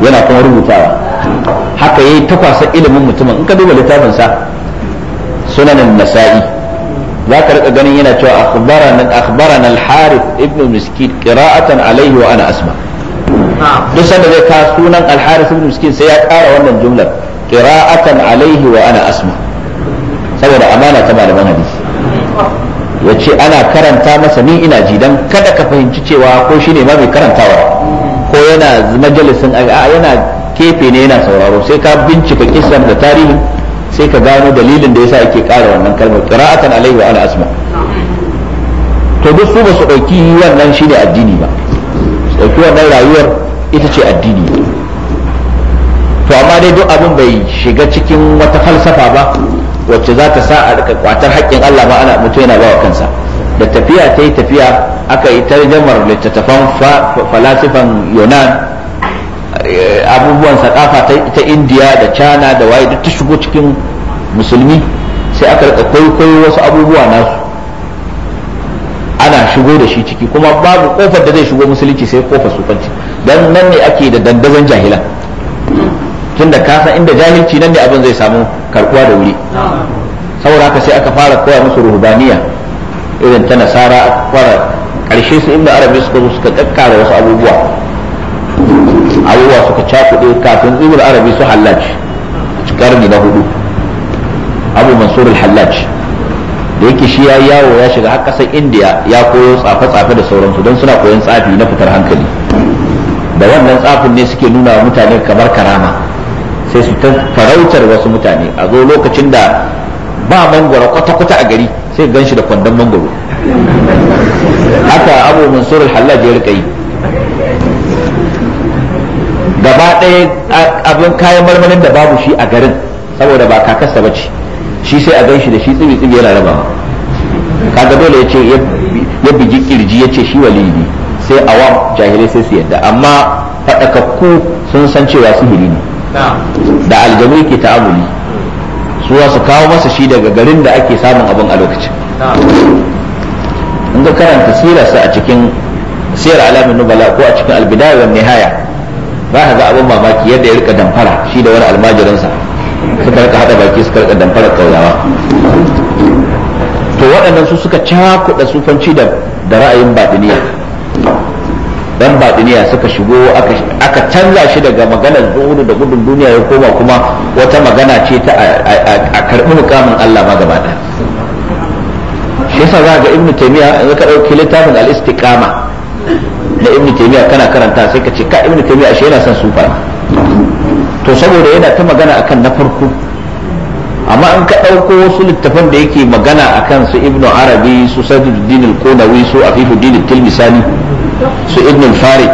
yana kuma rubutawa haka yayi takwasa ilimin mutumin in ka duba littafin sa sunanan nasa'i za ka rika ganin yana cewa akhbarana akhbarana al-harith ibn miskin qira'atan alayhi wa ana asma duk sanda zai ka sunan al-harith ibn miskin sai ya kara wannan jumlar qira'atan alayhi wa ana asma saboda amana ta malaman hadisi ya ana karanta masa ni ina ji dan kada ka fahimci cewa ko shine ne ma mai karantawa ko yana majalisin a yana gefe ne yana sauraro sai ka bincika kisan da tarihin sai ka gano dalilin da yasa yake kara wannan kalmar qira'atan alaihi wa ala asma to duk su ba su ɗauki wannan shine addini ba su ɗauki wannan rayuwar ita ce addini to amma dai duk abin bai shiga cikin wata falsafa ba wacce za ta sa a rika kwatar haƙƙin Allah ba ana mutum yana bawa kansa da tafiya ta yi tafiya aka yi tarjamar littattafan falasifan yunan Eh, abubuwan sakafa ta indiya da china da waye duk ta shigo cikin musulmi sai aka rika kwaikwayo wasu abubuwa nasu ana shigo da shi ciki kuma babu kofar da zai shigo musulunci sai kofar sufanci don nan ne ake da dandazon jahilan tunda ka san inda jahilci nan ne abin zai samu karkuwa da wuri saboda haka sai aka fara koya musu ruhubaniya irin ta nasara aka fara karshe su inda arabi suka zo suka kakkara wasu abubuwa abubuwa suka cakuɗe kafin ibn arabi su hallaj karni na hudu abu mansur al-hallaj da yake shi ya yawo ya shiga har ƙasar indiya ya koyo tsafe-tsafe da sauransu don suna koyon tsafi na fitar hankali da wannan tsafin ne suke nuna wa mutane kamar karama sai su ta farautar wasu mutane a zo lokacin da ba mangoro kwata-kwata a gari sai gan shi da kwandon mangoro haka abu mansur al-hallaj ya rika yi gaba ɗaya abin kayan marmarin da babu shi a garin saboda ba kakarsa ba ce shi sai a ganshi da shi tsibi tsibi yana rabawa kaga dole ya ce ya bigi kirji ya ce shi waliyi ne sai awam jahilai sai su yadda amma faɗakakku sun san cewa sihiri ne da aljanu ke ta'amuli su su kawo masa shi daga garin da ake samun abin a lokacin in ga karanta sirarsa a cikin sirar alamin nubala ko a cikin albidaya wa nihaya za ka ga abin mamaki yadda ya rika damfara shi da wani almajirinsa suka rika hada baki suka rika damfara kauyawa to waɗannan su suka cakuɗa sufanci da ra'ayin baɗiniya dan baɗiniya suka shigo aka canza shi daga maganar zuwa da gudun duniya ya koma kuma wata magana ce ta a karɓi mukamin Allah ma gaba ɗaya shi yasa za ga ibnu taymiya in ka ɗauki littafin al-istiqama na ibn taymiya kana karanta sai ka ce ka ibn taymiya ashe yana son sufa to saboda yana ta magana akan na farko amma an ka ɗauko wasu littafan da yake magana akan su ibn arabi su saduddin al-qunawi su afifuddin al-tilmisani su ibn farid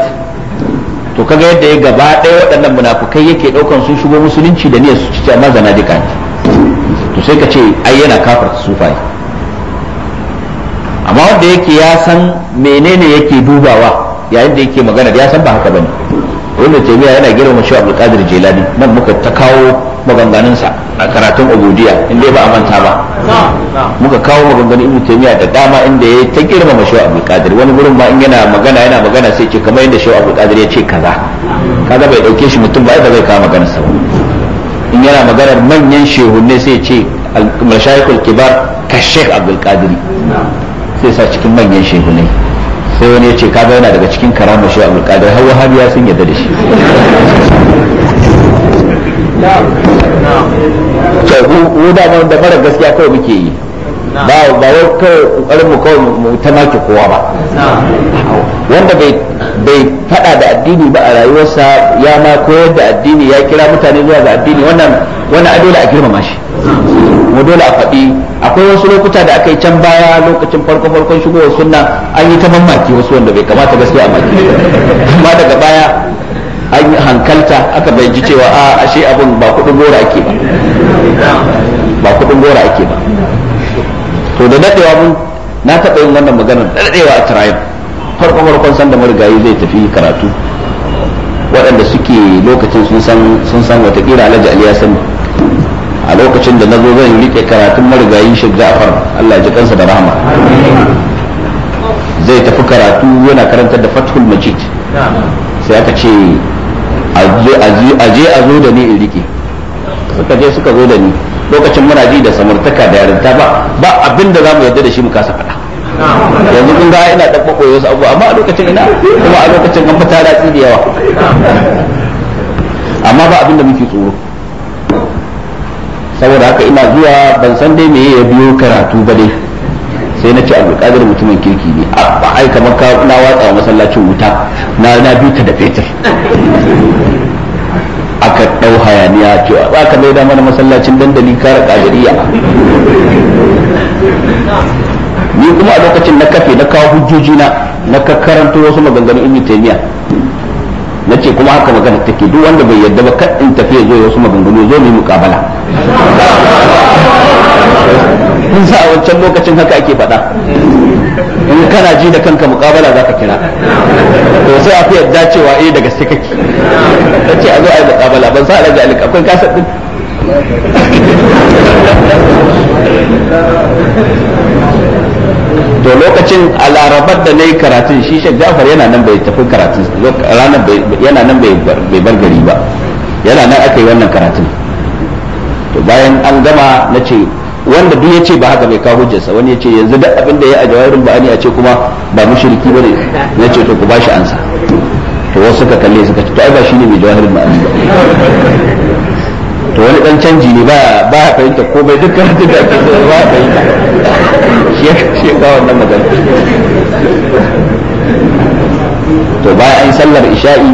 to kaga yadda ya gaba ɗaya waɗannan munafukai yake ɗaukan sun shigo musulunci da niyyar su ci amma zanadika ne to sai ka ce ai yana kafarta sufai amma wanda yake ya san menene yake dubawa yayin da yake magana da ya san ba haka bane ibn taymiya yana girma shi abdul qadir jilani nan muka ta kawo maganganun sa a karatun ubudiyya in ba a manta ba muka kawo maganganun ibn taymiya da dama inda yayi ta girma shi abdul qadir wani gurin ma in yana magana yana magana sai ce kamar yadda shi abdul qadir ya ce kaza Kaza bai dauke shi mutum ba da zai kawo maganar sa in yana maganar manyan shehunne sai ce al mashayikhul kibar ka sheikh abdul qadir sai sa cikin manyan shehunai sai wani ya ce kaga yana daga cikin karamar shi abul qadir har wahabiya sun yadda da shi to da da fara gaskiya kawai muke yi ba ba wai kawai mu kawai mu ta maki kowa ba wanda bai bai fada da addini ba a rayuwarsa ya ma koyar da addini ya kira mutane zuwa ga addini wannan wannan a a girmama shi kuma dole a faɗi akwai wasu lokuta da aka yi can baya lokacin farko farkon shigowar sunna an yi ta mamaki wasu wanda bai kamata gaskiya a maki amma daga baya an yi hankalta aka bai ji cewa a ashe abun ba kuɗin gora ake ba ba kuɗin gora ake ba to da daɗewa mun na taɓa yin wannan maganar daɗewa a tribe farko farkon san da marigayi zai tafi karatu waɗanda suke lokacin sun san watakila alhaji aliyu ya san a lokacin da na zo zan rike karatun marigayi shi Ja'far Allah ji kansa da rahama zai tafi karatu yana karantar da Fathul Majid sai aka ce a je a zo da ni in rike suka je suka zo da ni lokacin muna ji da samartaka da yarinta ba ba abin da zamu yarda da shi mu kasa faɗa yanzu kun ga ina da koyo wasu abubuwa amma a lokacin ina kuma a lokacin an fita da yawa amma ba abin da muke tsoro saboda haka ina zuwa ban san dai me ya biyo karatu ba dai sai na ce abdulkadir mutumin kirki ne a ai kamar ka na watsa wa masallacin wuta na na ta da fetur aka dau hayaniya ce ba ka mai da mana masallacin dandali kare kadiriya ni kuma a lokacin na kafe na kawo hujjoji na na karanto wasu maganganun ibn taymiya na ce kuma haka magana take duk wanda bai yadda ba kadin tafiya zo wasu maganganu zo mu muƙabala in sa a wancan lokacin haka ake faɗa in kana ji da kanka mukabala za ka kira to sai a fi yadda cewa eh daga sai kake ka ce a zo a yi mukabala ban sa a rage alika akwai kasar din to lokacin a larabar da na yi karatun shi shek jafar yana nan bai tafi karatun ranar yana nan bai bar gari ba yana nan aka yi wannan karatun to bayan an gama na ce wanda duk ya ce ba haka bai kawo hujjarsa wani ya ce yanzu duk abin da ya a jawabin ba a ce kuma ba mushriki bane na ce to ku bashi ansa to wasu suka kalle suka ce to ai ba shine mai jawabin ba to wani dan canji ne ba ba fahimta ko bai duk karatu da ake so ba fahimta shi ya kawo wannan magana to bayan an sallar isha'i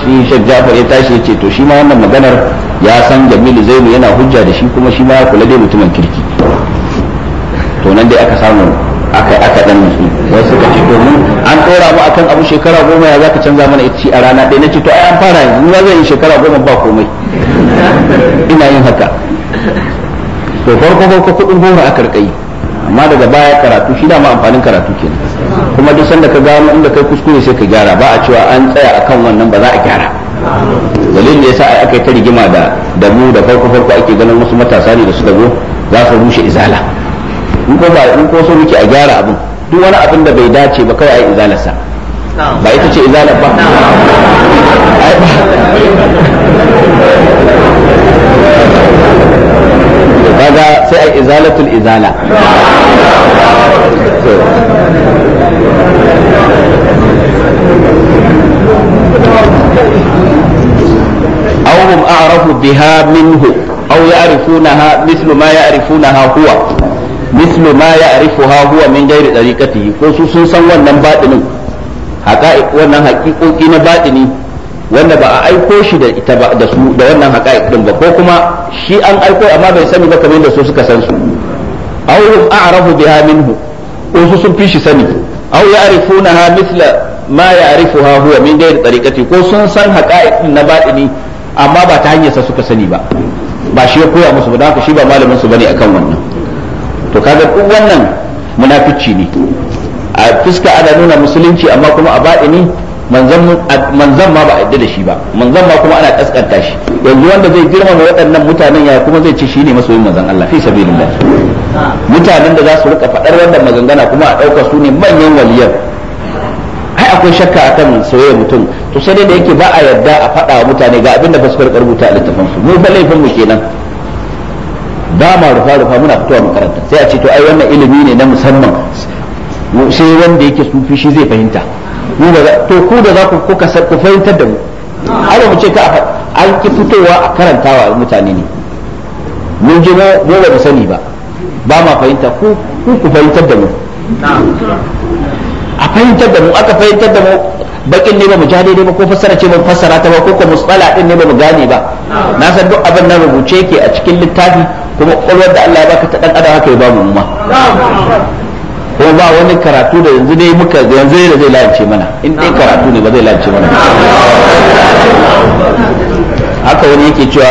shi Sheikh Jafar ya tashi ya ce to shi ma wannan maganar ya san jamilu Zainu yana hujja da shi kuma shi ma ya kula dai mutumin kirki to nan dai aka samu aka aka dan nutsu wai suka ce domin an dora mu akan abu shekara goma ya zaka canza mana ita a rana ɗaya nace to ai an fara yanzu ba zai yi shekara goma ba komai ina yin haka to farko farko kudin goma aka rika yi amma daga baya karatu shi dama amfanin karatu kenan kuma duk sanda ka gano inda kai kuskure sai ka gyara ba a cewa an tsaya akan wannan ba za a gyara dalilin da yasa aka yi ta rigima da da mu da farko farko ake ganin wasu matasa ne da su dago za su rushe izala in ko ba in ko so muke a gyara abin duk wani abin da bai dace ba kai a yi izalarsa ba ita ce izalar ba ba kaga sai a izalatul izala biha minhu aw ya'rifunaha mislu ma ya'rifunaha huwa mislu ma ya'rifuha huwa min ghairi tariqatihi ko su sun san wannan badinin haqa'iq wannan haqiqoki na batini wanda ba a aiko shi da ita ba da su da wannan haƙa'iq din ba ko kuma shi an aiko amma bai sani ba kamar yadda su suka san su aw hum a'rafu biha minhu ko su sun fi shi sani aw ya'rifunaha mithla ma ya'rifuha huwa min ghairi tariqati ko sun san haƙa'iq din na badini. amma ba ta hanyarsa suka sani ba ba shi ya koya musu ba don haka shi ba malamin su bane akan wannan to kaga duk wannan munafici ne a fuska ana nuna musulunci amma kuma a baɗini manzan ma ba a da shi ba manzan ma kuma ana kaskanta shi yanzu wanda zai girmama waɗannan mutanen ya kuma zai ce shi ne masoyin manzan Allah fi sabilillah mutanen da za su rika faɗar wannan magangana kuma a ɗauka su ne manyan waliyar. akwai shakka akan soyayya mutum to sai dai da yake ba a yarda a faɗa wa mutane ga abinda ba su karɓar rubuta a littafin su mu fa mu kenan ba ma rufa rufa muna fitowa makaranta sai a ce to ai wannan ilimi ne na musamman sai wanda yake sufi shi zai fahimta to ku da za ku kuka ku fahimtar da mu ai mu ce ka an ki fitowa a karantawa mutane ne mun ji mu ba mu sani ba ba ma fahimta ku ku fahimtar da mu a fahimtar da mu aka fahimtar da mu bakin ne ba mu ja ne ba ko fassara ce mun fassara ta ba ko ko musbala din ne ba mu gane ba na san duk abin nan rubuce yake a cikin littafi kuma kullum da Allah ya baka ta dan adam haka ya ba mu ma kuma ba wani karatu da yanzu ne muka yanzu ne zai lalace mana in dai karatu ne ba zai lalace mana haka wani yake cewa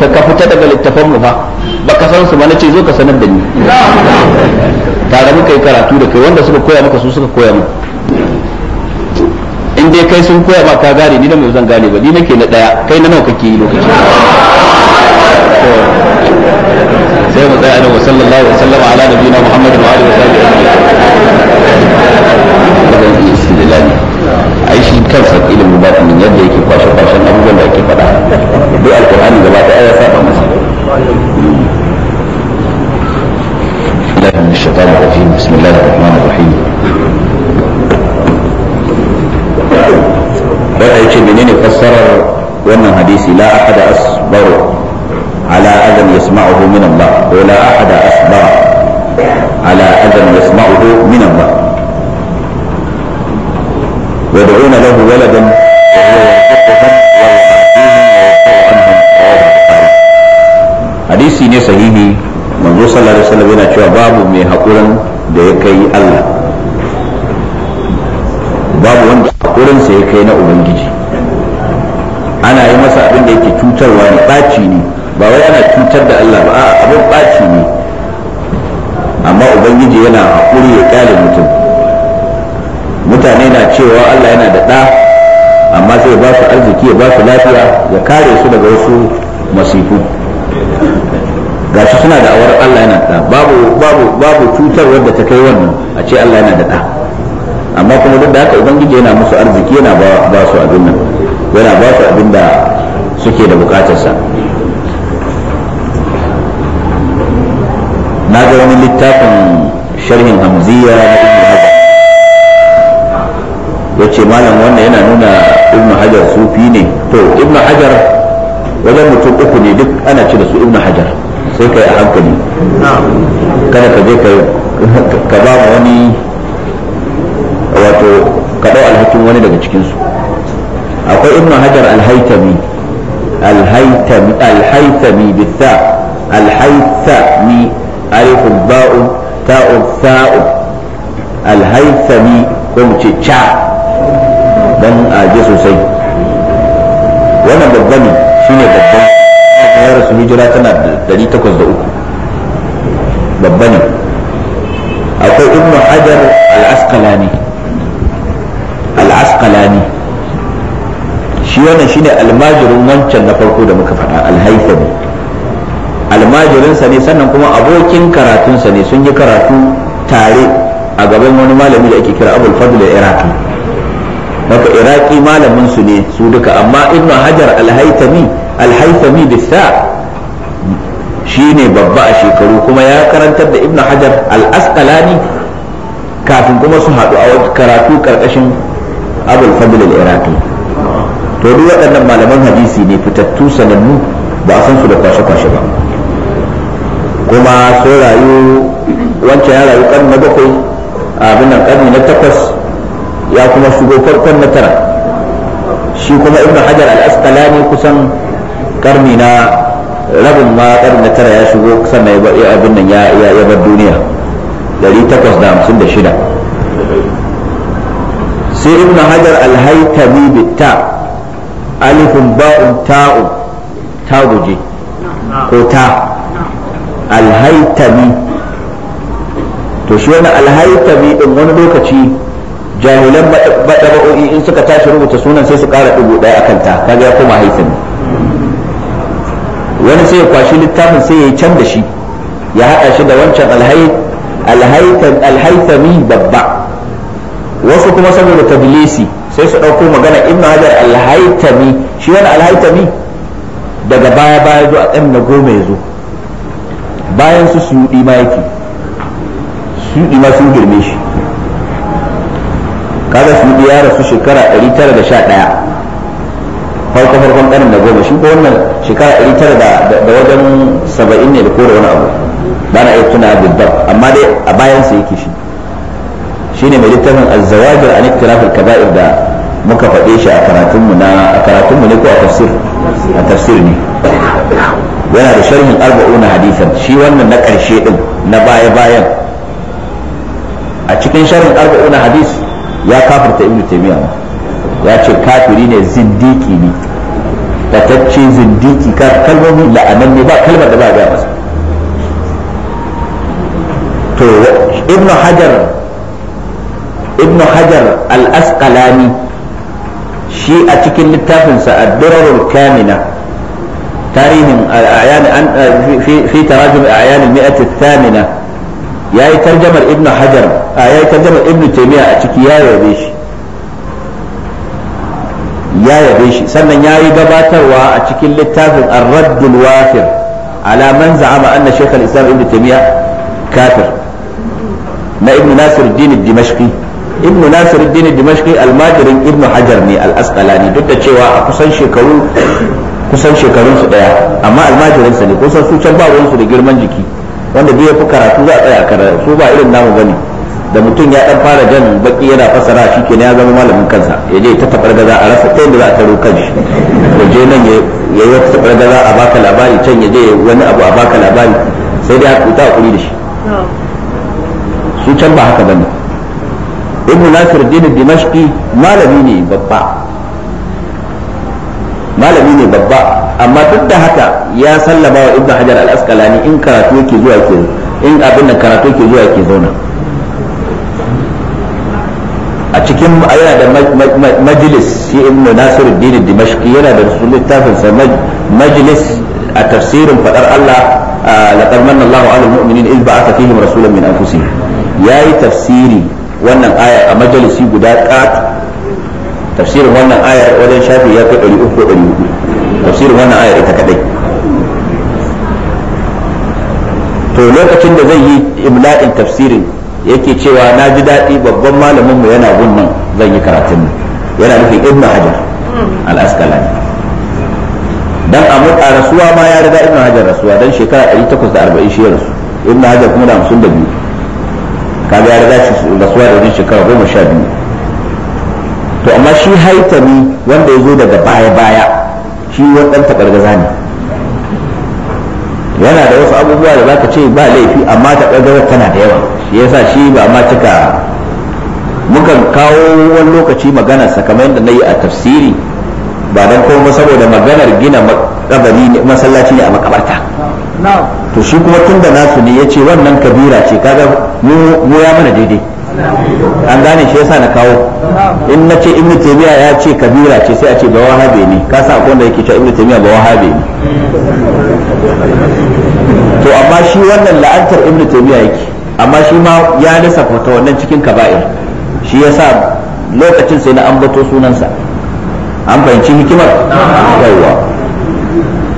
ka fita daga littafin mu fa baka san su ba nace zo ka sanar da ni tare muka yi karatu da kai wanda suka koya maka su suka koya mu in dai kai sun koya ma ka gane ni da mai zan gane ba ni nake na daya kai na nawa kake yi lokaci sai mu tsaya da sallallahu alaihi wa sallam ala nabiyina muhammadin wa alihi wa sahbihi kare su daga wasu masifu shi suna da awar Allah yana da babu babu babu cutar wadda ta kai wannan a ce Allah yana da da amma kuma duk da haka ubangiji yana musu arziki yana ba su abin nan yana ba su abin da suke da bukatarsa na ga wani littafin sharhin hamziya yace malam wannan yana nuna ibnu hajar sufi ne to ibnu hajar wajen mutum uku ne duk ana ci da su ibnu hajar sai kai a hankali kada ka je ka ba wani wato ka dau alhakin wani daga cikin su akwai ibnu hajar alhaitami alhaitami alhaitami bitha alhaitami alif ba'u ta'u tha'u alhaitami ko mu ce cha dan aje sosai wannan babba ne shine babban ya rasu hijira tana da 803 babba ne akwai ibn hajar al'askalani. asqalani al-asqalani shi ne almajirin wancan na farko da muka faɗa al-haythami almajirinsa ne sannan kuma abokin karatunsa ne sun yi karatu tare a gaban wani malami da ake kira abul fadl iraqi haka iraki malamin su ne su duka amma ibnu hajar alhaitami alhaitami bisa shi ne babba a shekaru kuma ya karantar da ibnu hajar al-asqalani kafin kuma su haɗu a karatu karkashin abul fadl al-iraqi to duk waɗannan malaman hadisi ne fitattu sanannu ba a san su da kwashe-kwashe ba kuma sun rayu wancan ya rayu karni na bakwai abin nan karni na takwas ya kuma shigo farkon na tara shi kuma ibnu hajar al-asqalani kusan karni na rabin ma karni na tara ya shigo sannan ya bar abin nan ya ya bar duniya 856 sai ibnu hajar al-haytami bitta alifun ba'un ta'u ta guje ko ta al-haytami to shi wannan al-haytami din wani lokaci jahilan ba'o'i in suka tashi rubuta sunan sai su kara dubu daya a ta kaga ya koma haifin wani sai ya kwashi littafin sai ya yi can da shi ya haɗa shi da wancan alhaitami babba wasu kuma saboda tabilisi sai su ɗauko magana in hajar alhaitami shi wani alhaitami daga baya baya zo a ɗan na goma ya zo bayan su suyuɗi ma yake suyuɗi ma sun girme shi kaga su ya su shekara 911 farko farkon karin da goma shi ko wannan shekara 900 da wajen 70 ne da kore wani abu ba na iya tuna bidbar amma dai a bayan sa yake shi ne mai littafin az-zawajir an iktiraf al da muka faɗe shi a karatunmu na a karatunmu ne ko a tafsir a tafsir ne yana da sharhin arba'una hadisan shi wannan na ƙarshe din na baya bayan a cikin sharhin arba'una hadis ya kafirta ibnu taymiya ma ya ce kafiri ne zindiki ne tatacce zindiki ka kalmomi la'anan ne ba kalmar da ba ga masa to ibnu hajar ibnu hajar al-asqalani shi a cikin littafinsa ad-durarul kamina tarihin a'yan fi tarajum a'yan al-mi'at ath-thamina yayi tarjamar ibnu hajar a ya tarjama ibn taymiya a ciki ya yabe shi ya yabe shi sannan ya yi gabatarwa a cikin littafin ar-raddul wafir ala man za'ama anna shaykh al-islam ibn taymiya kafir na ibn nasir din dimashqi ibn nasir din dimashqi almajirin ibn hajar ne al-asqalani duk da cewa a kusan shekaru kusan shekarun su daya amma almajirin sa ne kusan su can ba ruwan su da girman jiki wanda bai fi karatu za a tsaya karatu su ba irin namu bane da mutum ya dan fara jan baki yana fasara shi ke ya zama malamin kansa ya je ta tabargaza a rasa ta yadda za a taro shi ya je nan ya yi wata tabargaza a baka labari can ya je wani abu a baka labari sai dai kuta ta hakuri da shi su can ba haka bane ibn nasir din dimashqi malami ne babba malami ne babba amma duk da haka ya sallama wa ibn hajar al-asqalani in karatu yake zuwa ke in abin da karatu yake zuwa ke zauna a cikin yana da majlis shi ibn nasiruddin dimashqi yana da littafin sa majlis a tafsirin fadar Allah laqad manna Allahu 'alal mu'minin idh ba'atha fihim rasulan min anfusihim yayi tafsiri wannan aya a majalisi guda kat tafsirin wannan aya wajen shafi ya kai 300 tafsirin wannan aya ita kadai to lokacin da zai yi imla'in tafsirin yake cewa na ji daɗi babban malaminmu yana nan zan yi karatun nan yana nufin ibn hajar al'askalani asqalani dan a rasuwa ma ya riga ibn hajar rasuwa dan shekara 840 shi ya rasu ibn hajar kuma da da biyu kaga ya riga shi rasuwa da wajen shekara 12 to amma shi haitami wanda ya zo daga baya-baya shi wani ɗan taɓargaza ne yana da wasu abubuwa da ka ce ba laifi amma ta ƙarƙarar tana da yawa shi yasa shi ba ma cika mukan kawo wani lokaci magana kamar yadda na yi a tafsiri ba don kuma saboda maganar gina makabari masallaci ne a makabarta to shi kuma tun da nasu ne ya ce wannan kabira ce kaga mu ya mana daidai an gane shi yasa na kawo in na ce ibn taymiya ya ce kabira ce sai a ce ba wahabe ne ka sa akwai wanda yake cewa ibn taymiya ba wahabe ne to amma shi wannan la'antar ibnu taymiya yake amma shi ma ya lissafa ta wannan cikin kaba'ir shi yasa lokacin sai na ambato sunansa an fahimci hikimar yawa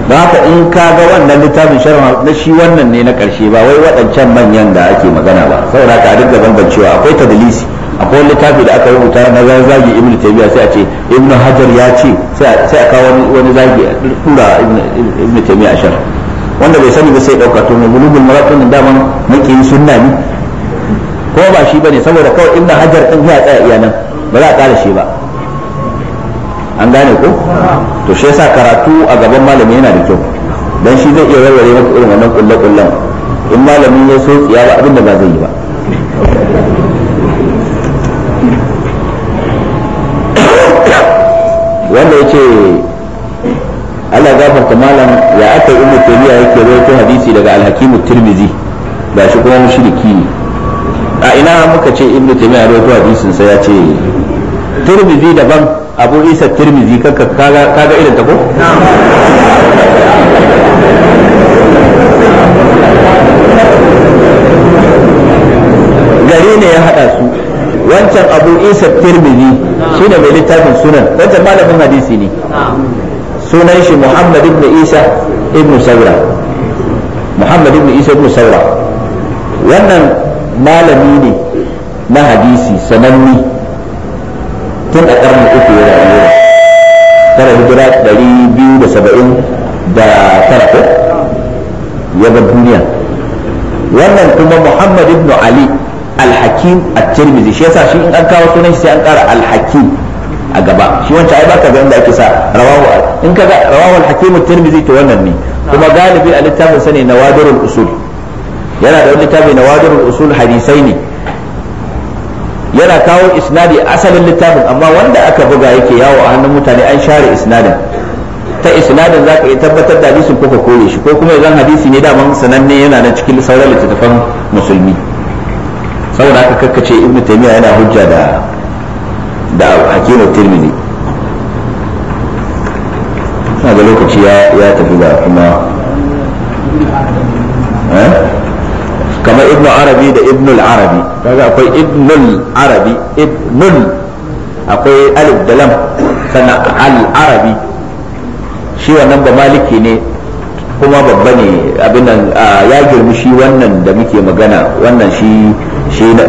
ba haka in ka ga wannan littafin sharh na shi wannan ne na karshe ba wai waɗancan manyan da ake magana ba saboda ka duk bambancewa akwai tadlisi akwai littafi da aka rubuta na zagi ibnu taymiya sai a ce ibnu hajar ya ce sai a kawo wani zagi a tura ibnu taymiya ashar wanda bai sani ba sai dauka to mai bulugul maratun da man makiyin sunna ne ko ba shi bane saboda kawai ibnu hajar din ya tsaya iya nan ba za a kara shi ba an gane ko to shi yasa karatu a gaban malami yana da kyau dan shi zai iya warware maka irin wannan kullu kullun in malami ya so tsiya ba abin da ba zai yi ba ce Allah gafarta malam ya aka ibnu taymiya yake rawaito hadisi daga al-hakim at-tirmidhi ba shi kuma mushriki a ina muka ce ibnu taymiya rawaito hadisin sa ya ce tirmidhi daban abu isa tirmizi kaga kaga irin ta ko gari ne ya hada su wancan abu isa tirmidhi shine mai littafin sunan wancan malamin hadisi ne sunan shi muhammad ibn isa ibn saura muhammad ibn isa ibn saura wannan malami ne na hadisi sananni tun a karni uku ya rayuwa tara hijira dari biyu da saba'in da tara ya bar duniya wannan kuma muhammad ibn ali al-hakim at-tirmidhi shi an kawo sunan sai an kara al-hakim a gaba shi wancan ai baka ganin da ake sa rawahu in kaga wannan ne kuma galibi a littafin sa ne nawadirul usul yana da wani littafi usul hadisai ne yana kawo isnadi asalin littafin amma wanda aka buga yake yawo a hannun mutane an share isnadin ta isnadin zaka iya tabbatar da hadisin ko ka koye shi ko kuma idan hadisi ne daman sananne yana nan cikin sauran littattafan musulmi saboda haka kakkace ibn taymiya yana hujja da da hakimu tirmidhi na da lokaci ya ya tafi da kuma eh? kamar ibn arabi da ibn arabi kaga akwai ibn arabi ibn akwai alif da lam sannan al arabi shi wannan ba maliki ne kuma babba ne abin nan ya girmi shi wannan da muke magana wannan shi shi na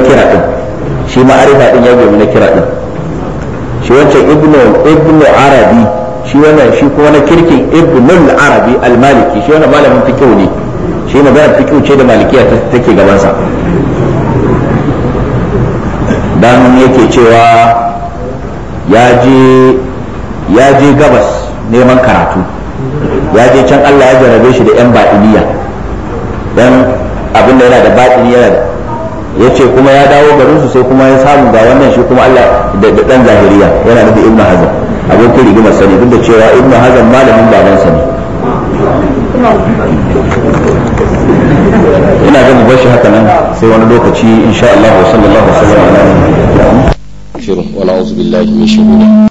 kira din shi ma'arifa din ya girmi na kira din shi wancan ibnu ibnu arabi shi wannan shi kuma na kirkin ibnu arabi al-maliki shi wannan malamin fiqh ne shi magana fiqh ce da malikiya take gaban sa dan yake cewa ya je ya je gabas neman karatu ya je can Allah ya jarabe shi da yan batiniya dan abin da yana da batini ya ce kuma ya dawo garin su sai kuma ya samu ga wannan shi kuma Allah da ɗan zahiriya yana nufi ibn abin abokin rigimar sani duk da cewa ibn hazan malamin babansa ne ina ga mu bashi haka nan sai wani lokaci insha Allah sallallahu alaihi wasallam shiru wala billahi min shururi